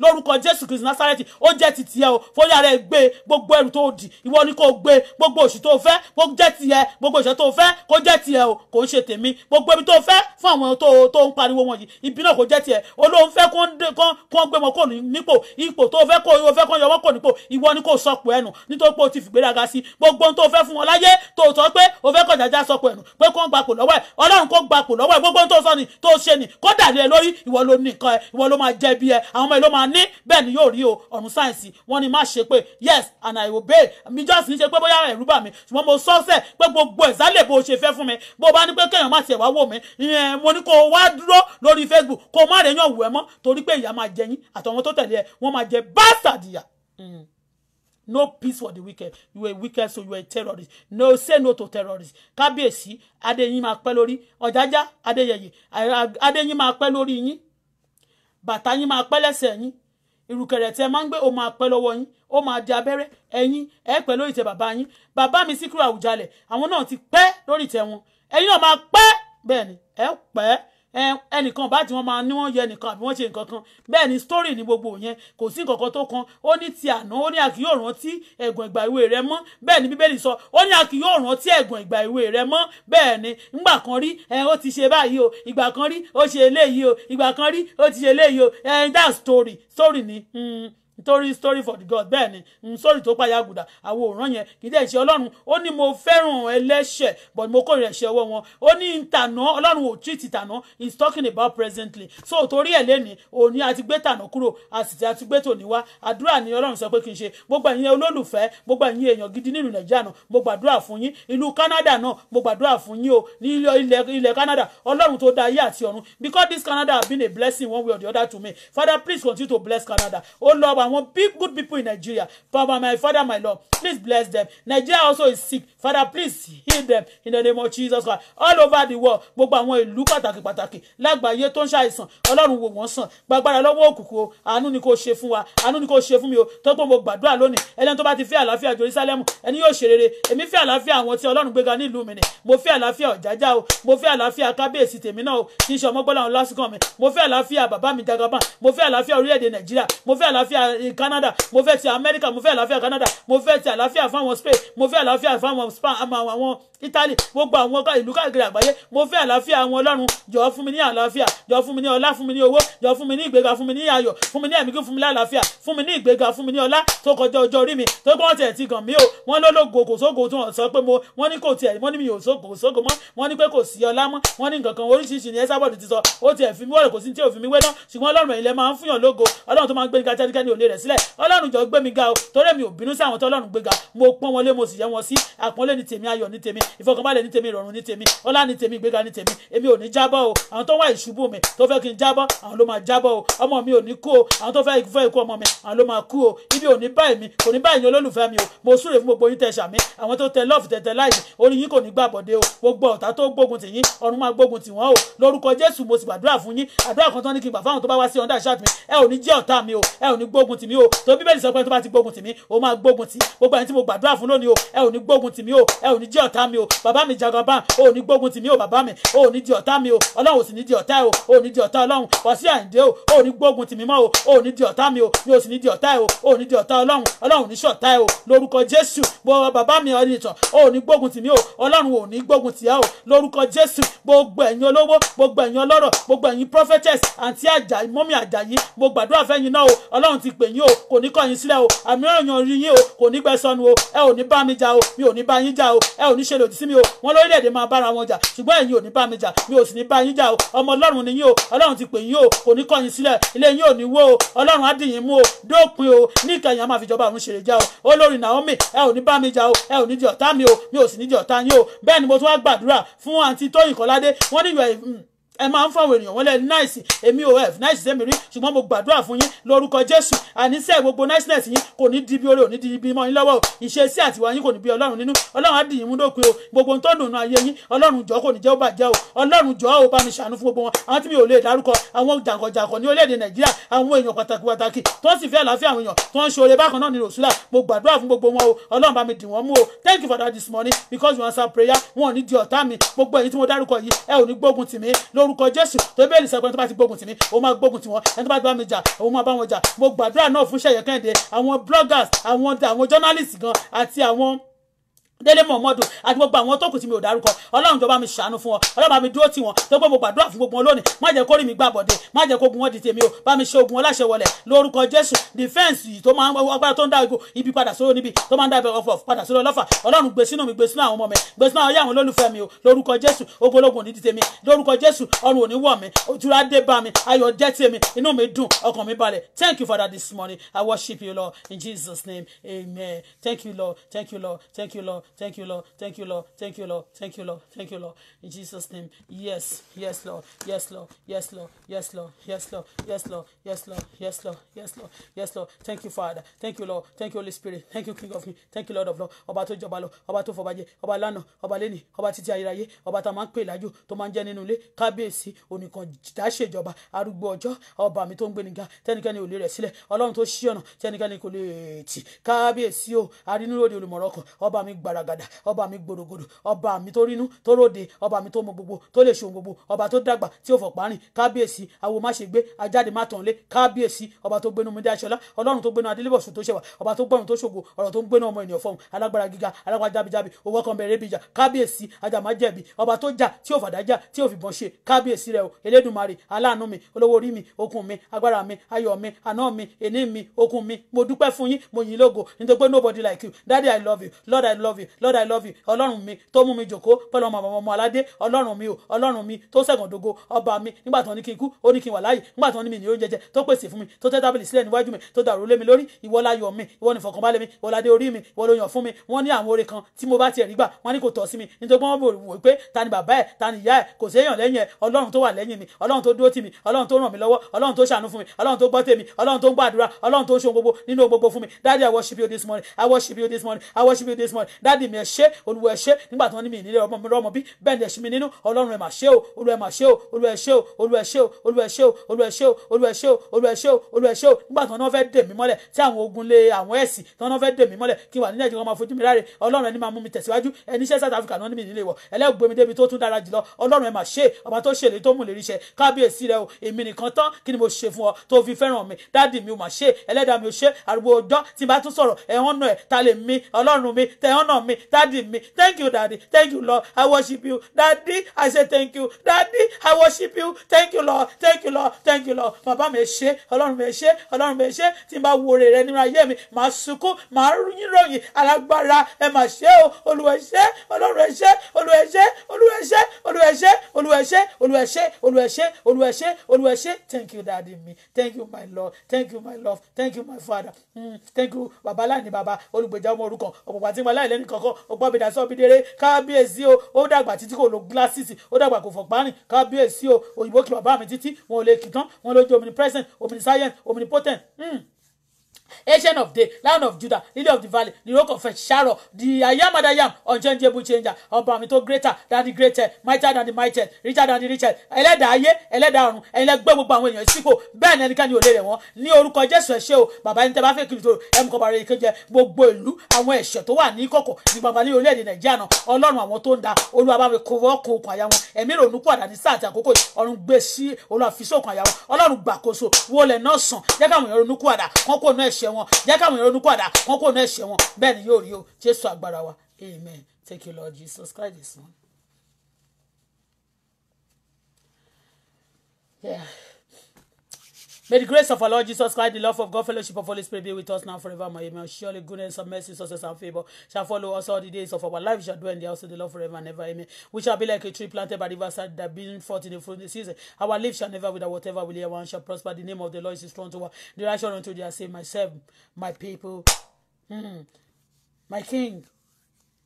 lórúkọ jésù kristu násárẹ́tì ó jẹ́ ti tiẹ̀ o forí ara ẹ̀ gbé gbogbo ẹrù tó dì ìwọ ni kò gbé gbogbo òṣì tó fẹ́ kó jẹ́ tiẹ̀ gbogbo ìṣẹ́ tó fẹ́ kó jẹ́ tiẹ̀ o kò ń ṣe tèmi gbogbo ibi tó fẹ́ fún àwọn tó tó ń pariwo wọn yìí ibi náà kò jẹ́ tiẹ̀ olóhùn fẹ́ kó ń gbé wọn kò nípò ipò tó fẹ́ kó o fẹ́ kó yọ wọn kò nípò ìwọ ni kò sọpọ̀ ẹnu nítorí pé o ti fìgbéraga sí o fẹ́ kọ̀ jàjà sọpọ̀ ẹnu pé kó ń gbapò lọ́wọ́ ẹ̀ ọlọ́run kó gbapò lọ́wọ́ ẹ̀ gbogbo ohun tó sọ ni tó ṣe ni kó dàlẹ́ lórí ìwọ máa ní bẹ́ẹ̀ ni yóò rí o ọ̀run sáyẹ̀nsì wọ́n ní má ṣe pé yes and I obey mi just ní ṣe pé bóyá ẹ̀rú bà mí ṣùgbọ́n mo sọ sẹ́ pé gbogbo ìsálẹ̀ bó ṣe fẹ́ fún mi bó bá ní pé kéèyàn má tiẹ̀ wá wò mí ìyẹn mo ní kó wá dúró lórí Facebook kó má rèéyàn wù ẹ́ mọ́ torí pé ìyá máa jẹ yín àtàwọn tó tẹ̀lé ẹ wọ́n máa jẹ báṣàdìyà. Mm. No peace for the wicked. You are wicked, so you are a terrorist. No, say no to terrorists. Kábíyèsí, Adéyìn máa pẹ́ lórí. Ọ̀jájá, Adéyẹyẹ, Adéyìn máa pẹ́ lórí yín bàtà yín máa pẹ́ lẹ́sẹ̀ yín ìrùkẹ̀rẹ̀ tẹ máa ń gbé o máa pẹ́ lọ́wọ́ yín ó máa di abẹ́rẹ́ ẹ̀yin ẹ̀ pẹ́ lórí ìtẹ̀ bàbá yín bàbá mi Síkírù Àwùjalẹ̀ àwọn náà ti pẹ́ lórí ìtẹ̀ wọn ẹ̀yin náà máa pẹ́ bẹ́ẹ̀ ni ẹ̀ pẹ́ ẹnìkan bá tí wọ́n máa ní wọ́n yẹ nìkan àbí wọ́n ṣe nǹkan kan bẹ́ẹ̀ ni story ni gbogbo yẹn kò sí nǹkan kan tó kan ó ní ti àná ó ní a kì yóò rántí ẹ̀gàn ìgbà ìwé rẹ mọ́ bẹ́ẹ̀ ni bíbélì sọ ó ní a kì yóò rántí ẹ̀gàn ìgbà ìwé rẹ mọ́ bẹ́ẹ̀ ni ńgbà kan rí ẹ ó ti ṣe báyìí o ìgbà kan rí ó ṣe eléyìí o ìgbà kan rí ó ti ṣe eléyìí o that story story ni. Mm nítorí story for the god bẹ́ẹ̀ ni sórí tó pàyà gùdà àwọn òòràn yẹn kì í dẹ̀ ṣe ọlọ́run ó ní mo fẹ́ràn ẹlẹ́ṣẹ̀ but mo kórìíra ẹ̀ṣẹ̀ ọwọ́ wọn ó ní ìtànà ọlọ́run ò treat ìtànà is talking about presently so torí ẹ̀ lẹ́ni òní àti gbé tànà kúrò àsìtì àti gbé tòní wá àdúrà ni ọlọ́run sọ pé kí n ṣe gbogbo ẹ̀yin olólùfẹ́ gbogbo ẹ̀yin èèyàn gidi nínú nàìjíríà náà mo gbàdúrà fún yín ìlú canada náà mo gbàdúrà fún yín o ní ilẹ̀ ilẹ̀ canada ọlọ́run tó da ayé àti ọ̀run because this canada have been a blessing one way or the other to me father please continue to bless canada ó lọ́ọ́ àwọn big good people in Nigeria Baba my father my Lord please bless them Nigeria also is sick father please heal them in the name of Jesus Christ all over the world gbogbo àwọn ìlú pàtàkì pàtàkì lágbàáyé tó ń ṣàìsàn Ọlọ́run wò wọ́n sàn gbàgbára lọ́wọ́ òkùnkùn o àánú ni kò ṣe fún wa àánú ni kò ṣe fún mi o tó pé mo gbàdúrà lónìí ẹlẹ́ni tó bá ti fẹ́ àlàáfíà Jerusalem ẹni yóò ṣe rere èmi fẹ́ àlàáfíà àwọn tí Ọlọ́run gbéga nílùú mi ni mo fẹ́ àlàáfíà ọ̀jájá o mo fẹ́ àlàáfíà kábíyèsí tèmi náà o kì í ṣe ọmọgbọ́n làwọn lásìkò mi mo fẹ́ àlàáfíà bàbá mi jagaban mo fẹ́ àlàáfíà orílẹ̀-èdè Nàìjíríà mo fẹ́ àlàáfíà Eh, Canada mo fẹ́ ti America mo fẹ́ àlàáfíà Canada mo fẹ́ ti àlàáfíà fáwọn Spain mo fẹ́ àlàáfíà fáwọn àwọn Italy mo gba àwọn ìlú káàkiri àgbáyé mo fẹ́ àlàáfíà àwọn Ọlọ́run jọ̀ọ́ fún mi ní àlàáfíà jọ̀ọ́ fún mi ní ọlá fún mi ní owó jọ̀ọ́ fún mi ní ìgbéga fún mi ní ayọ̀ fún mi ní ẹ̀mí fún mi ní àlàáfíà fún mi ní ìgbéga fún mi ní ọlá tó kọjá ọjọ́ orí mi tó gbọ́n tiẹ̀ ti gàn mí o wọ́n lólógo kò sógo tó hàn sọ pé mo wọ́n ní kò tiẹ̀ wọ́n ní mi ò sógo sógo mọ́ wọ́n ní pé kò sí ọlá mọ́ wọ́n ní nǹkan kan oríṣiríṣi ni Esabod ti sọ ó tiẹ̀ fi mí wọ̀rẹ̀ kò sí tí ò fi mí wé náà ṣùgbọ́n Ọlọ́run ilẹ̀ máa ń fúnyàn lógo Ọlọ́run tó máa ń gbé nígbà tẹ́nikẹ́ni ò ìdè rẹ̀ sílẹ̀ ọlọ́run jọ gbé mi ga o torí mi ò bínú sí àwọn tó ọlọ́run gbé ga mo pọ́n wọn lé mo sì yẹ wọn sí àpọ́nlé ní tèmi ayọ̀ ní tèmi ìfọkànbalẹ̀ ní tèmi ìrọ̀rùn ní tèmi ọlá ní tèmi ìgbéga ní tèmi èmi ò ní jábọ́ o àwọn tó wá ìṣubú mi tó fẹ́ kí n jábọ́ àwọn ló máa jábọ́ o ọmọ mi ò ní kú o àwọn tó fẹ́ ikú fẹ́ ikú ọmọ mi àwọn ló máa kú o ibi ò ní báyìí mi kò ní báyìí olólùfẹ́ mi o mo súre fún gbogbo yín tẹ ṣàmì àwọn tó tẹ lọ́ọ̀fù tẹ̀tẹ̀ láì orí yín kò ní gbàbọ̀dé o gbogbo ọ̀tá tó gbógun tì yín ọ̀run máa gbógun tì wọ́n o lórúkọ Jésù mo sì gbàdúrà fún yín àdúrà kan tán ní kí n gbà fáwọn tó bá wá sí ọ̀ndà ṣáàtì mi ẹ ò ní jẹ́ ọ̀tá mi o ẹ ò ní gbógun gbógun tì mí o tó bíbélì sọ pé tó bá ti gbógun tì mí o máa gbógun tì gbogbo ẹni tí mo gbàdúrà fún lónìí o ẹ ò ní gbógun tì mí o ẹ ò ní jẹ́ ọ̀tá mi o bàbá mi jagaba o ò ní gbógun tì mí o bàbá mi o ò ní di ọ̀tá mi o ọlọ́run ò sì ní di ọ̀tá o o ò ní di ọ̀tá ọlọ́run Wàsíù Àyìndé o o ò ní gbógun tì mí mọ́ o o ò ní di ọ̀tá mi o mi ò sì ní di ọ̀tá ẹ o o ò ní di ọ̀tá ọlọ́run ọlọ́run ò ní ṣọ̀tá ẹ o lórúkọ Jésù gbogbo bàbá mi ọdún ìtàn o ò ní gbógun tì mí o ọlọ́run ò ní gbógun tì ẹ o lórúkọ Jésù gbogbo ẹ̀yin olówó gbogbo ẹ̀yin ọlọ́rọ̀ gbogbo ẹ̀yin prophetess àǹtí àjà mọ́mí àjà yìí mo gbàdúrà fẹ́yìn náà o ọlọ́run ti p gbè yín o kò ní kọ̀ yín o àmì ọ̀yàn rí yín o kò ní gbẹ sọnù o ẹ ò ní bá mi jà o mi ò ní bá yín jà o ẹ ò ní ṣe lòdì sí mi o wọn lórílẹ̀‐èdè máa bára wọn jà ṣùgbọ́n ẹ̀yin ò ní bá mi jà mi ò sì ní bá yín jà o ọmọ ọlọ́run ni yín o ọlọ́run ti pè yín o kò ní kọ̀ yín ilé yín ò ní wó o ọlọ́run á dì mú o dópin o ní ìkẹyìn á máa fi ṣèrè já o olórí Naomi ẹ ò ní bá mi jà o ẹ ò ní di ọ̀tá mi o mi ò sì ní di ọ̀tá yín o bẹ́ẹ̀ ni mo tún wá gbàdúrà fún àǹtí Tóyìn Kọ́ládé wọ́n ní ẹ máa ń fáwọn ènìyàn wọn lẹ nice èmi ò f nice sẹ́mi rí ṣùgbọ́n mo gbàdúrà fún yín lórúkọ jésù àníṣe gbogbo niceness yín kò ní di bí oore ò di bí mọ́ yín lọ́wọ́ o ìṣesí àtiwá yín kò ní bí ọlọ́run nínú ọlọ́run á dì yín mú dópin o gbogbo tó dùnú ayé yín ọlọ́run jọ̀ọ́ kò ní jẹ́ ó bàjẹ́ o ọlọ́run jọ̀ọ́ ó bá mi ṣàánú fún gbogbo wọn àwọn tí mi ò lè dárúkọ àwọn jàǹkànjàǹkàn ní orílẹ̀-èdè nàìjíríà àwọn èèyàn pàtàkì pàtàkì tó ń sì fẹ́ àlàáfíà àwọn èèyàn tó ń ṣe oore thank you for that this morning because you answer prayer wọn ò ní di mi gbogbo èyí tí mo dárúkọ yìí ẹ ò lórúkọ jésù tó bẹ́ẹ̀ lè sọ pé tó bá ti gbógun tì mí máa gbógun tì ẹni tó bá ti bá mi jà ó máa bá wọn jà mo gbàdúrà náà fún ṣẹ̀yẹ àwọn bloggers àwọn àwọn journalists gan àti àwọn délé mọ̀mọ́dún àti gbogbo àwọn tó kù tí mi ò dárúkọ ọlọ́run jọba mi ṣàánú fún ọ ọlọ́run bá mi dúró tì wọ́n tó pé mo gbàdúrà fún gbogbo wọn lónìí má jẹ́ kórìí mi gbàbọ̀dé má jẹ́ kógun wọn di tèmi o bá mi ṣe ogun ọláṣẹ wọlẹ̀ lórúkọ jésù dìfẹ́ǹsì tó máa ń agbára tó ń dá igun ibi padà sórí níbi tó máa ń dá ibi ọ̀fọ̀ padà sórí ọlọ́fà ọlọ́run gbé mi gbé sínú àwọn ọmọ mi gbé sínú àwọn yàwọn olólùfẹ́ mi o lórúkọ di tèmi lórúkọ jésù ọrùn òní wọ̀ mi òtúrà dé bá mi ayọ̀ jẹ́ tèmi inú thank you father this morning i worship you lord in jesus name amen thank you lord thank you lord thank you lord Thank you, Lord. Thank you, Lord. Thank you, Lord. Thank you, Lord. Thank you, Lord. In Jesus' name. Yes. Yes, Lord. Yes, Lord. Yes, Lord. Yes, Lord. Yes, Lord. Yes, Lord. Yes, Lord. Yes, Lord. Yes, Lord. Yes, Lord. Thank you, Father. Thank you, Lord. Thank you, Holy Spirit. Thank you, King of me. Thank you, Lord of Lord. Ọba jobalo. jọba fobaje. Ọba tó fọba jẹ. Ọba lánà. Tomanjani nule. Kabesi títí ayérayé. Ọba tá a máa ń pè lájú. Tó máa ń jẹ́ nínú ilé. Kábíyèsí. Onìkan dáṣèjọba. Arúgbó ọjọ́. o. Arínúròde olùmọ̀rọ̀kọ̀. Ọba mi gbàrà gàràgàdà ọba mi gbòdògbòdò ọba mi tó rínú tó ròde ọba mi tó mọ gbogbo tó lè ṣe ohun gbogbo ọba tó dàgbà tí ò fọ̀pá kábíyèsí àwo má ṣe gbé ajáde má tàn lé kábíyèsí ọba tó gbénu múdé aṣọlá ọlọ́run tó gbénu adélébọ̀sùn tó ṣẹwà ọba tó gbọ́run tó ṣògo ọ̀rọ̀ tó ń gbénu ọmọ ènìyàn fọ́hùn alágbára gíga alágbára nobody like you daddy i love you lord i love you lord i love you ọlọ́run mi tó mú mi jòkó pẹ̀lú ọmọ ọmọ ọmọ aládé ọlọ́run mi o ọlọ́run mi tó ṣẹ̀gàn dogo ọba mi nígbà tó ní kí n kú ó ní kí n wà láàyè nígbà tó ní mi ní oúnjẹ jẹ tó pèsè fún mi tó tẹ́ tábìlì sílẹ̀ níwájú mi tó dàrú lé mi lórí ìwọ láyọ̀ mi ìwọ nìfọ̀kànbalẹ̀ mi ìwọ ládé orí mi ìwọ ló yàn fún mi wọ́n ní àwọn oore kan tí mo bá tiẹ̀ rí gbà wọ́n ní kò tọ́ sí mi nítorí wọ́n bò wò pé ta ni bàbá ẹ̀ ta ni ìyá ẹ̀ kò séèyàn lẹ́yìn ẹ̀ ọlọ́run tó wà lẹ́yìn mi ọlọ́run tó dúró tì mí ọlọ́run tó ràn mí lọ́wọ́ ọlọ́run tó ṣàánú fún mi ọlọ́run tó daddy i worship you this morning i worship you this morning i worship you this morning dáàdì mi ẹ ṣé olúwa ẹ ṣé nígbà tí wọ́n ní mi ìnílẹ̀ ọmọ mi rọ́mọ bí bẹ́ẹ̀ ni ẹ ṣí mi nínú ọlọ́run ẹ mà ṣé o olúwa ẹ mà ṣé o olúwa ẹ ṣé o olúwa ẹ ṣé o olúwa ẹ ṣé o olúwa ẹ ṣé o olúwa ẹ ṣé o olúwa ẹ ṣé o olúwa ẹ ṣé o nígbà tí wọ́n fẹ́ dè mí mọ́lẹ̀ tí àwọn ogun lé àwọn ẹ̀sìn tí wọ́n fẹ́ dè mí mọ́lẹ̀ kí wà nílẹ̀ jẹ́ máa fojú mi ráre ọlọ́run ẹni máa mú mi tẹ̀síwájú ẹni iṣẹ́ South Africa náà ní mi nílé wọ̀ ẹlẹ́gbẹ́ mi débi tó tún dára jùlọ ọlọ́run ẹ mà ṣe ọba tó ṣèlérí tó mú lérí ṣẹ kábíyèsí rẹ o èmi nìkan tán kí ni mo ṣe fún ọ tó fi fẹ́ràn mi dáàdì mi ò mà ṣe ẹlẹ́dàá mi ò ṣe àrùbọ̀ ọjọ́ tí n bá tún sọ̀rọ̀ ẹ̀hán náà ẹ̀ ta lè mi ọlọ́run mi tẹ̀hán náà mom daddy me. thank you daddy thank you lord i worship you daddy i say thank you daddy i worship you thank you lord thank you lord thank you lord bàbá mi ṣe ọlọ́run mi ṣe ọlọ́run mi ṣe tí n bá wo rere nínú ayé mi màá sunkún màá yín ròyìn alágbára ẹ mà ṣe o olúwa ṣe ọlọ́run ẹ ṣe olúwa ṣe olúwa ṣe olúwa ṣe olúwa thank you daddy mi thank you my lord thank you my love thank you my father mm, thank you bàbá láìní bàbá olùgbèjà ọmọ orúkọ ọ̀pọ̀pọ̀ àti ìmọ̀ kankan ọgbọ́n mi dàsọ́ mi dére kábíyèsí o ó dàgbà títí kò lo gíláṣíìsì ó dàgbà kò fọ̀pá rìn kábíyèsí o òyìnbó kí bàbá mi títí wọn ò lè kì tán wọn lójú omini present omini science omini potent. Mm ancient of day lion of judah lily of the valley the rock of sharon the ayamadayam unchangeable changer ọba mi tó greater than the greater mightier than the mightier richer than the richer ẹlẹ́dàá ayé ẹlẹ́dàá ọ̀run ẹ̀yin lẹ gbé gbogbo àwọn èèyàn sípò bẹ́ẹ̀ ni ẹnikẹ́ni ò lè rẹ̀ wọ́n ní orúkọ jésù ẹ̀ṣẹ́ o bàbá ẹni tẹ́ bá fẹ́ kiri toro ẹ̀mú kọ́ bàrẹ̀ ìkejì gbogbo ìlú àwọn ẹ̀ṣẹ̀ tó wà ní kọ̀kọ̀ ní gbàgbà ní orílẹ̀-èdè nàìjíríà náà ọlọ́run àwọn tó ń da olúwa bá mi kó wọ́n kó okùn àyà wọn ẹ̀mí rònú kó àdáni sáà àti àkókò ọ̀run gbé sí olúwa fi sókun àyà ẹ̀ṣẹ̀ wọn jẹ́ káwọn èèyàn ronúkú wọn kò ní ẹ̀ṣẹ̀ wọn bẹ́ẹ̀ ni yóò rí o jésù agbára wa amen thank you lord jesus christ this one. Yeah. May the grace of our Lord Jesus Christ, the love of God, fellowship of Holy Spirit be with us now forever. Amen. Surely goodness and mercy, success and favor shall follow us all the days of our life. shall dwell in the house of the Lord forever and ever. Amen. We shall be like a tree planted by the riverside that brings forth in the fruit of the season. Our leaf shall never wither. Whatever we lay one shall prosper. The name of the Lord is strong to us. The righteous unto thee. I say, myself, my people, hmm, my king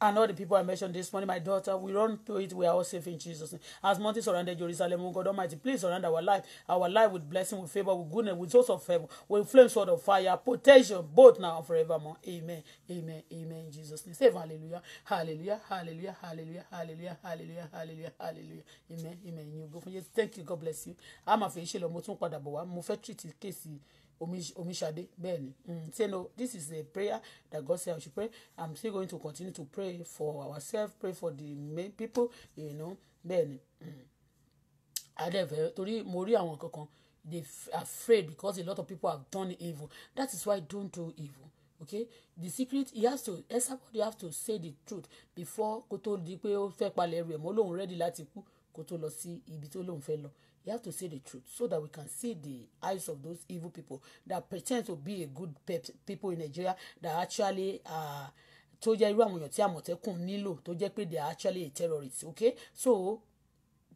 and all the people I mentioned this morning, my daughter, we run through it. We are all safe in Jesus' name. As mountains surrounded Jerusalem, O oh God Almighty, please surround our life, our life with blessing, with favor, with goodness, with source of favor, with flame, sword of fire, protection, both now and forevermore. Amen. Amen. Amen. In Jesus' name. Say hallelujah. Hallelujah. Hallelujah. Hallelujah. Hallelujah. Hallelujah. Hallelujah. Hallelujah. Amen. Amen. You go. Thank you. God bless you. I'm a facial. Mo tún padà bọ̀ wá. Mo fẹ́ treat case. Omishade. Benny. Mm. Say, no, this is a prayer that God say I should pray. I'm still going to continue to pray for ourselves, pray for the main people, you know. Benny. Mm. Adẹ́fẹ́ torí mo rí àwọn kankan they afraid because a lot of people have done evil. That is why don't do evil. okay the secret he has to everybody has to say the truth before kó tó di pé ó fẹ́ palẹ̀ ẹrù ẹ̀ mọ́ lóun ready láti kú kó lọ sí ibi tó lóun fẹ́ lọ You have to say the truth so that we can see the eyes of those evil people that pretend to be a good pe- people in Nigeria that actually Uh, tó jẹ́ irú àwọn èèyàn tí àmọ̀tẹ́kùn nílò tó jẹ́ pé they are actually a terrorist okay so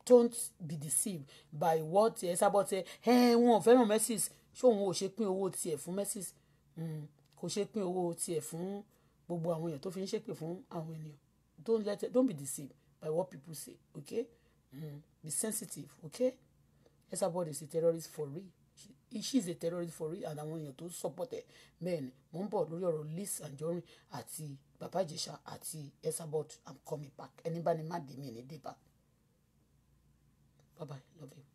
don't be deceived by what ẹ sábọ́ tẹ ẹ wọn ò fẹ́ràn message ṣé òun ò ṣe pín owó tiẹ̀ fún message hmm, kò ṣe pín owó tiẹ̀ fún gbogbo àwọn èèyàn tó fi ń ṣépè fún àwọn ènìyàn don't let it, don't be deceived by what people say okay mm. be sensitive okay. Esabod is a terrorist for real she is a terrorist for real and àwọn èèyàn tó support ẹ̀ bẹ́ẹ̀ ni mò ń bọ̀ lórí ọ̀rọ̀ Liz Anjorin àti Bàbá Ìjẹ̀ṣà àti Esabod I'm coming back ẹni bá ní má dé mi ní dé bá bye bye love you.